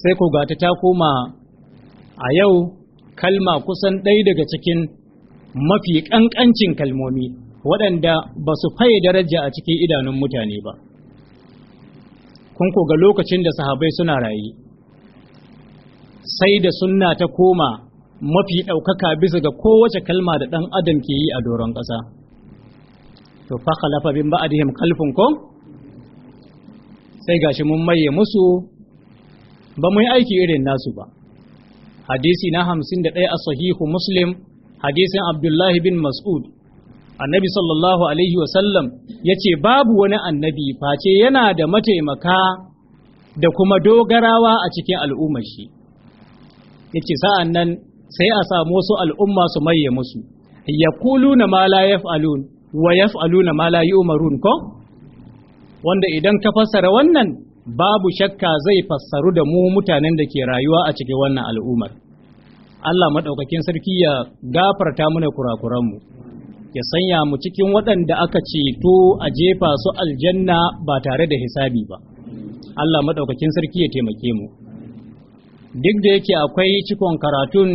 sai ko gata ta koma a yau kalma kusan ɗaya daga cikin mafi ƙanƙancin kalmomi waɗanda ba su faye daraja a cikin idanun mutane ba kun ga lokacin da sahabai suna rayu sai da sunna ta koma mafi ɗaukaka bisa ga kowace kalma da ɗan adam ke yi a doron ƙasa to fa khalafa bin ba'dihim khalfun ko sai gashi mun maye musu ba mu yi aiki irin nasu ba hadisi na hamsin da ɗaya a sahihu muslim hadisin abdullahi bin mas'ud annabi sallallahu alaihi wasallam ya ce babu wani annabi face yana da mataimaka da kuma dogarawa a cikin al'ummar shi ya ce sa'an nan sai a samu wasu al'umma su maye musu ya na ma la yaf'alun wa yaf'aluna ma la yu'marun ko wanda idan ka fassara wannan babu shakka zai fassaru da mu mutanen da ke rayuwa a cikin wannan al'ummar Allah maɗaukakin sarki ya gafarta mana kurakuranmu ya sanya mu cikin waɗanda aka ceto a jefa su aljanna ba tare da hisabi ba Allah maɗaukakin sarki ya taimake mu duk da yake akwai cikon karatun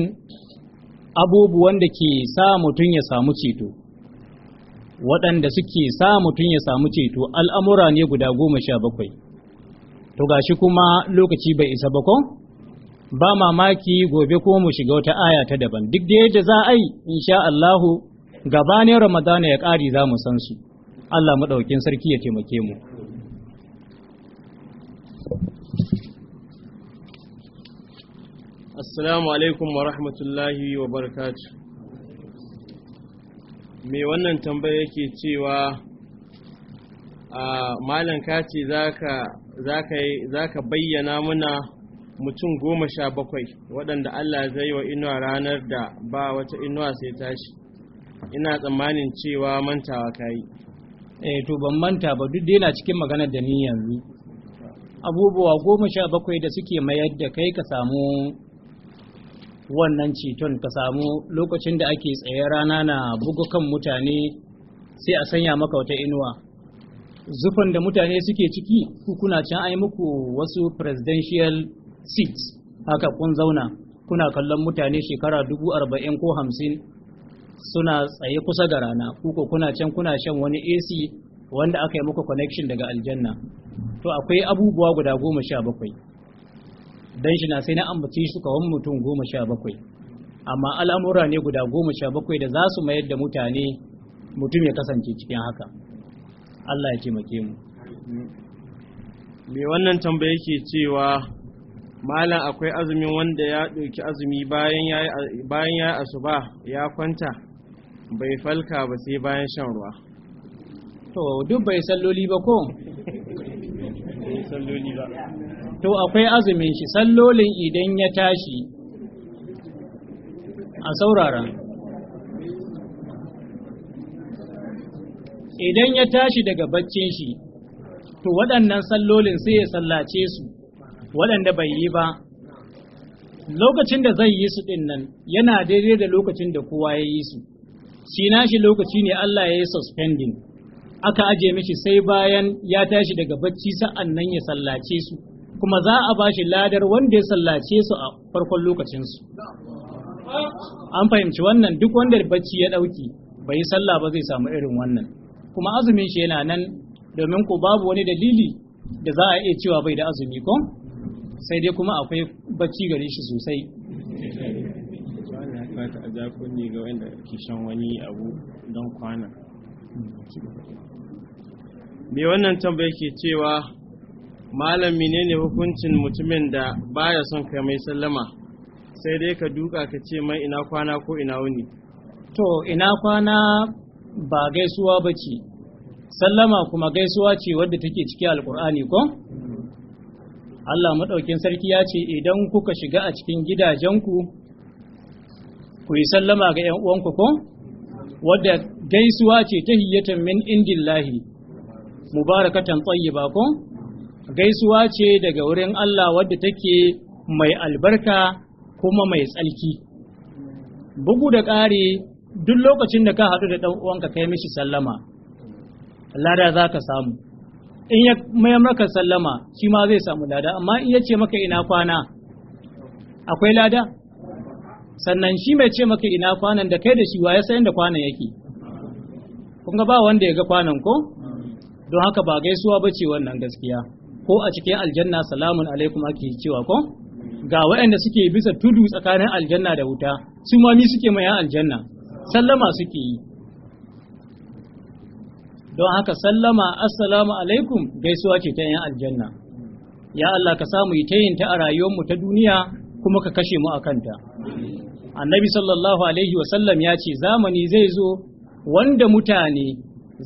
abubuwan da ke sa mutum ya samu ceto waɗanda suke sa mutum ya samu ceto al'amura ne guda goma sha bakwai to ga shi kuma lokaci bai isa bakon ba mamaki gobe ko mu shiga wata aya ta daban duk da yadda za a yi insha Allahu gabanin ramadana ya ƙari za mu san su Allah maɗaukin sarki ya taimake mu assalamu alaikum wa rahmatullahi wa barakatu Me wannan tambaya yake cewa a malan kace za ka bayyana muna mutum goma sha bakwai waɗanda allah zai wa inuwa ranar da ba wata inuwa sai tashi ina tsammanin cewa mantawa ka yi eh to ban manta ba duk yana cikin maganar da ni yanzu abubuwa goma sha bakwai da suke mayar da kai ka samu wannan ceton ka samu lokacin da ake tsaye rana na bugu kan mutane sai a sanya maka wata inuwa zufan da mutane suke ciki kuna can ai muku wasu presidential seats haka kun zauna kuna kallon mutane shekara dubu arba'in ko hamsin suna tsaye kusa ga rana kuko kuna can kuna shan wani ac wanda aka yi muku connection daga aljanna to akwai abubuwa guda goma sha bakwai dan shi na sai na ambaci su kawan mutum goma sha bakwai amma al'amura ne guda goma sha bakwai da za su mayar da mutane mutum ya kasance cikin haka Allah ya taimake mu me wannan tambaya yake cewa malam akwai azumin wanda ya ɗauki azumi bayan ya asuba ya kwanta bai falka ba sai bayan shan ruwa to duk bai salloli ba ko to akwai azumin shi sallolin idan ya tashi a saurara idan ya tashi daga baccin shi to waɗannan sallolin sai ya sallace su waɗanda bai yi ba lokacin da zai yi su ɗin nan yana daidai da lokacin da kowa ya yi su shi nashi lokaci ne Allah ya yi suspending aka ajiye mishi sai bayan ya tashi daga bacci sa'an nan ya sallace su kuma za a bashi ladar wanda ya sallace su a farkon lokacinsu an fahimci wannan duk wanda bacci ya ɗauki bai sallah ba zai samu irin wannan kuma azumin shi yana nan domin ko babu wani dalili da za a iya cewa bai da azumi ko sai dai kuma akwai bacci gare shi sosai Me wannan tambaye ke cewa malam menene hukuncin mutumin da baya son ka mai sallama sai dai ka duka ka ce mai ina kwana ko ina wuni to ina kwana ba gaisuwa ba ce sallama kuma gaisuwa ce wadda take ciki alkur'ani ko Allah maɗaukin sarki ya ce idan kuka shiga a cikin gidajenku ku yi sallama ga 'yan uwanku ko wadda gaisuwa ce ta hiyyatan min indillahi mubarakatan ba ko gaisuwa ce daga wurin Allah wadda take mai albarka kuma mai tsalki bugu da ƙari duk lokacin da ka haɗu da uwanka kai mishi sallama lada za ka samu in ya maya maka sallama shi ma zai samu lada amma in ya ce maka ina kwana akwai lada sannan shi mai ce maka ina kwanan da kai da shi wa sayan da kwanan yake kun ga ba wanda ya ga kwanan ko don haka ba gaisuwa ba ce wannan gaskiya ko a cikin aljanna salamun alaikum ake cewa ko ga waɗanda suke bisa tudu tsakanin aljanna da wuta su ma mi suke mai aljanna sallama suke yi don haka sallama assalamu alaikum gaisuwa ce ta yan aljanna ya Allah ka samu yi ta yin ta a mu ta duniya kuma ka kashe mu a kanta annabi sallallahu alaihi wasallam ya ce zamani zai zo wanda mutane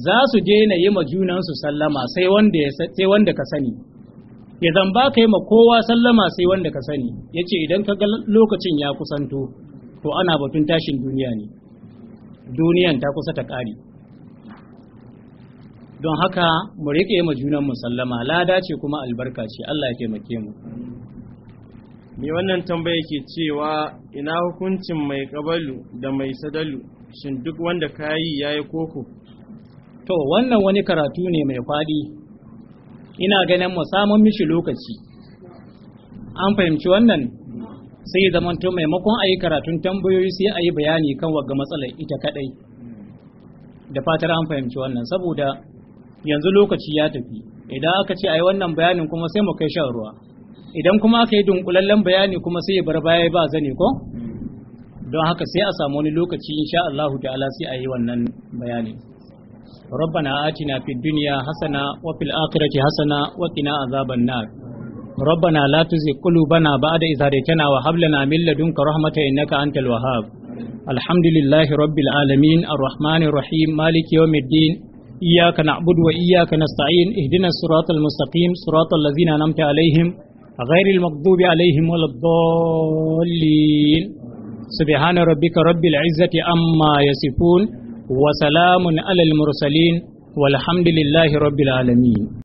za su daina yi ma junansu sallama sai wanda ka sani ya zan ba ka yi ma kowa sallama sai wanda ka sani ya ce idan ka ga lokacin ya kusanto to ana batun tashin duniya ne duniyan ta kusa ta ƙare don haka mu riƙe ma junan mu sallama lada ce kuma albarka ce Allah ya taimake mu me wannan tambaya ke cewa ina hukuncin mai kabalu da mai sadalu shin duk wanda kayi yayi koko to wannan wani karatu ne mai faɗi ina ganin mu samun mishi lokaci an fahimci wannan sai zamanto maimakon a yi karatun tambayoyi sai a yi bayani kan wagga matsalar ita kadai da fatar an fahimci wannan saboda yanzu lokaci ya tafi idan aka ce a yi wannan bayanin kuma sai mu kai shan ruwa idan kuma aka yi dunkulallen bayani kuma sai ya bar baya ba zane ko don haka sai a samu wani lokaci insha Allah ta'ala sai a yi wannan bayanin ربنا آتنا في الدنيا حسنة وفي الآخرة حسنة وقنا عذاب النار ربنا لا تزغ قلوبنا بعد إذ هديتنا وهب لنا من لدنك رحمة إنك أنت الوهاب الحمد لله رب العالمين الرحمن الرحيم مالك يوم الدين إياك نعبد وإياك نستعين اهدنا الصراط المستقيم صراط الذين أنعمت عليهم غير المغضوب عليهم ولا الضالين سبحان ربك رب العزة أما يصفون wa salamun alal mursalin walhamdulillahi rabbil alamin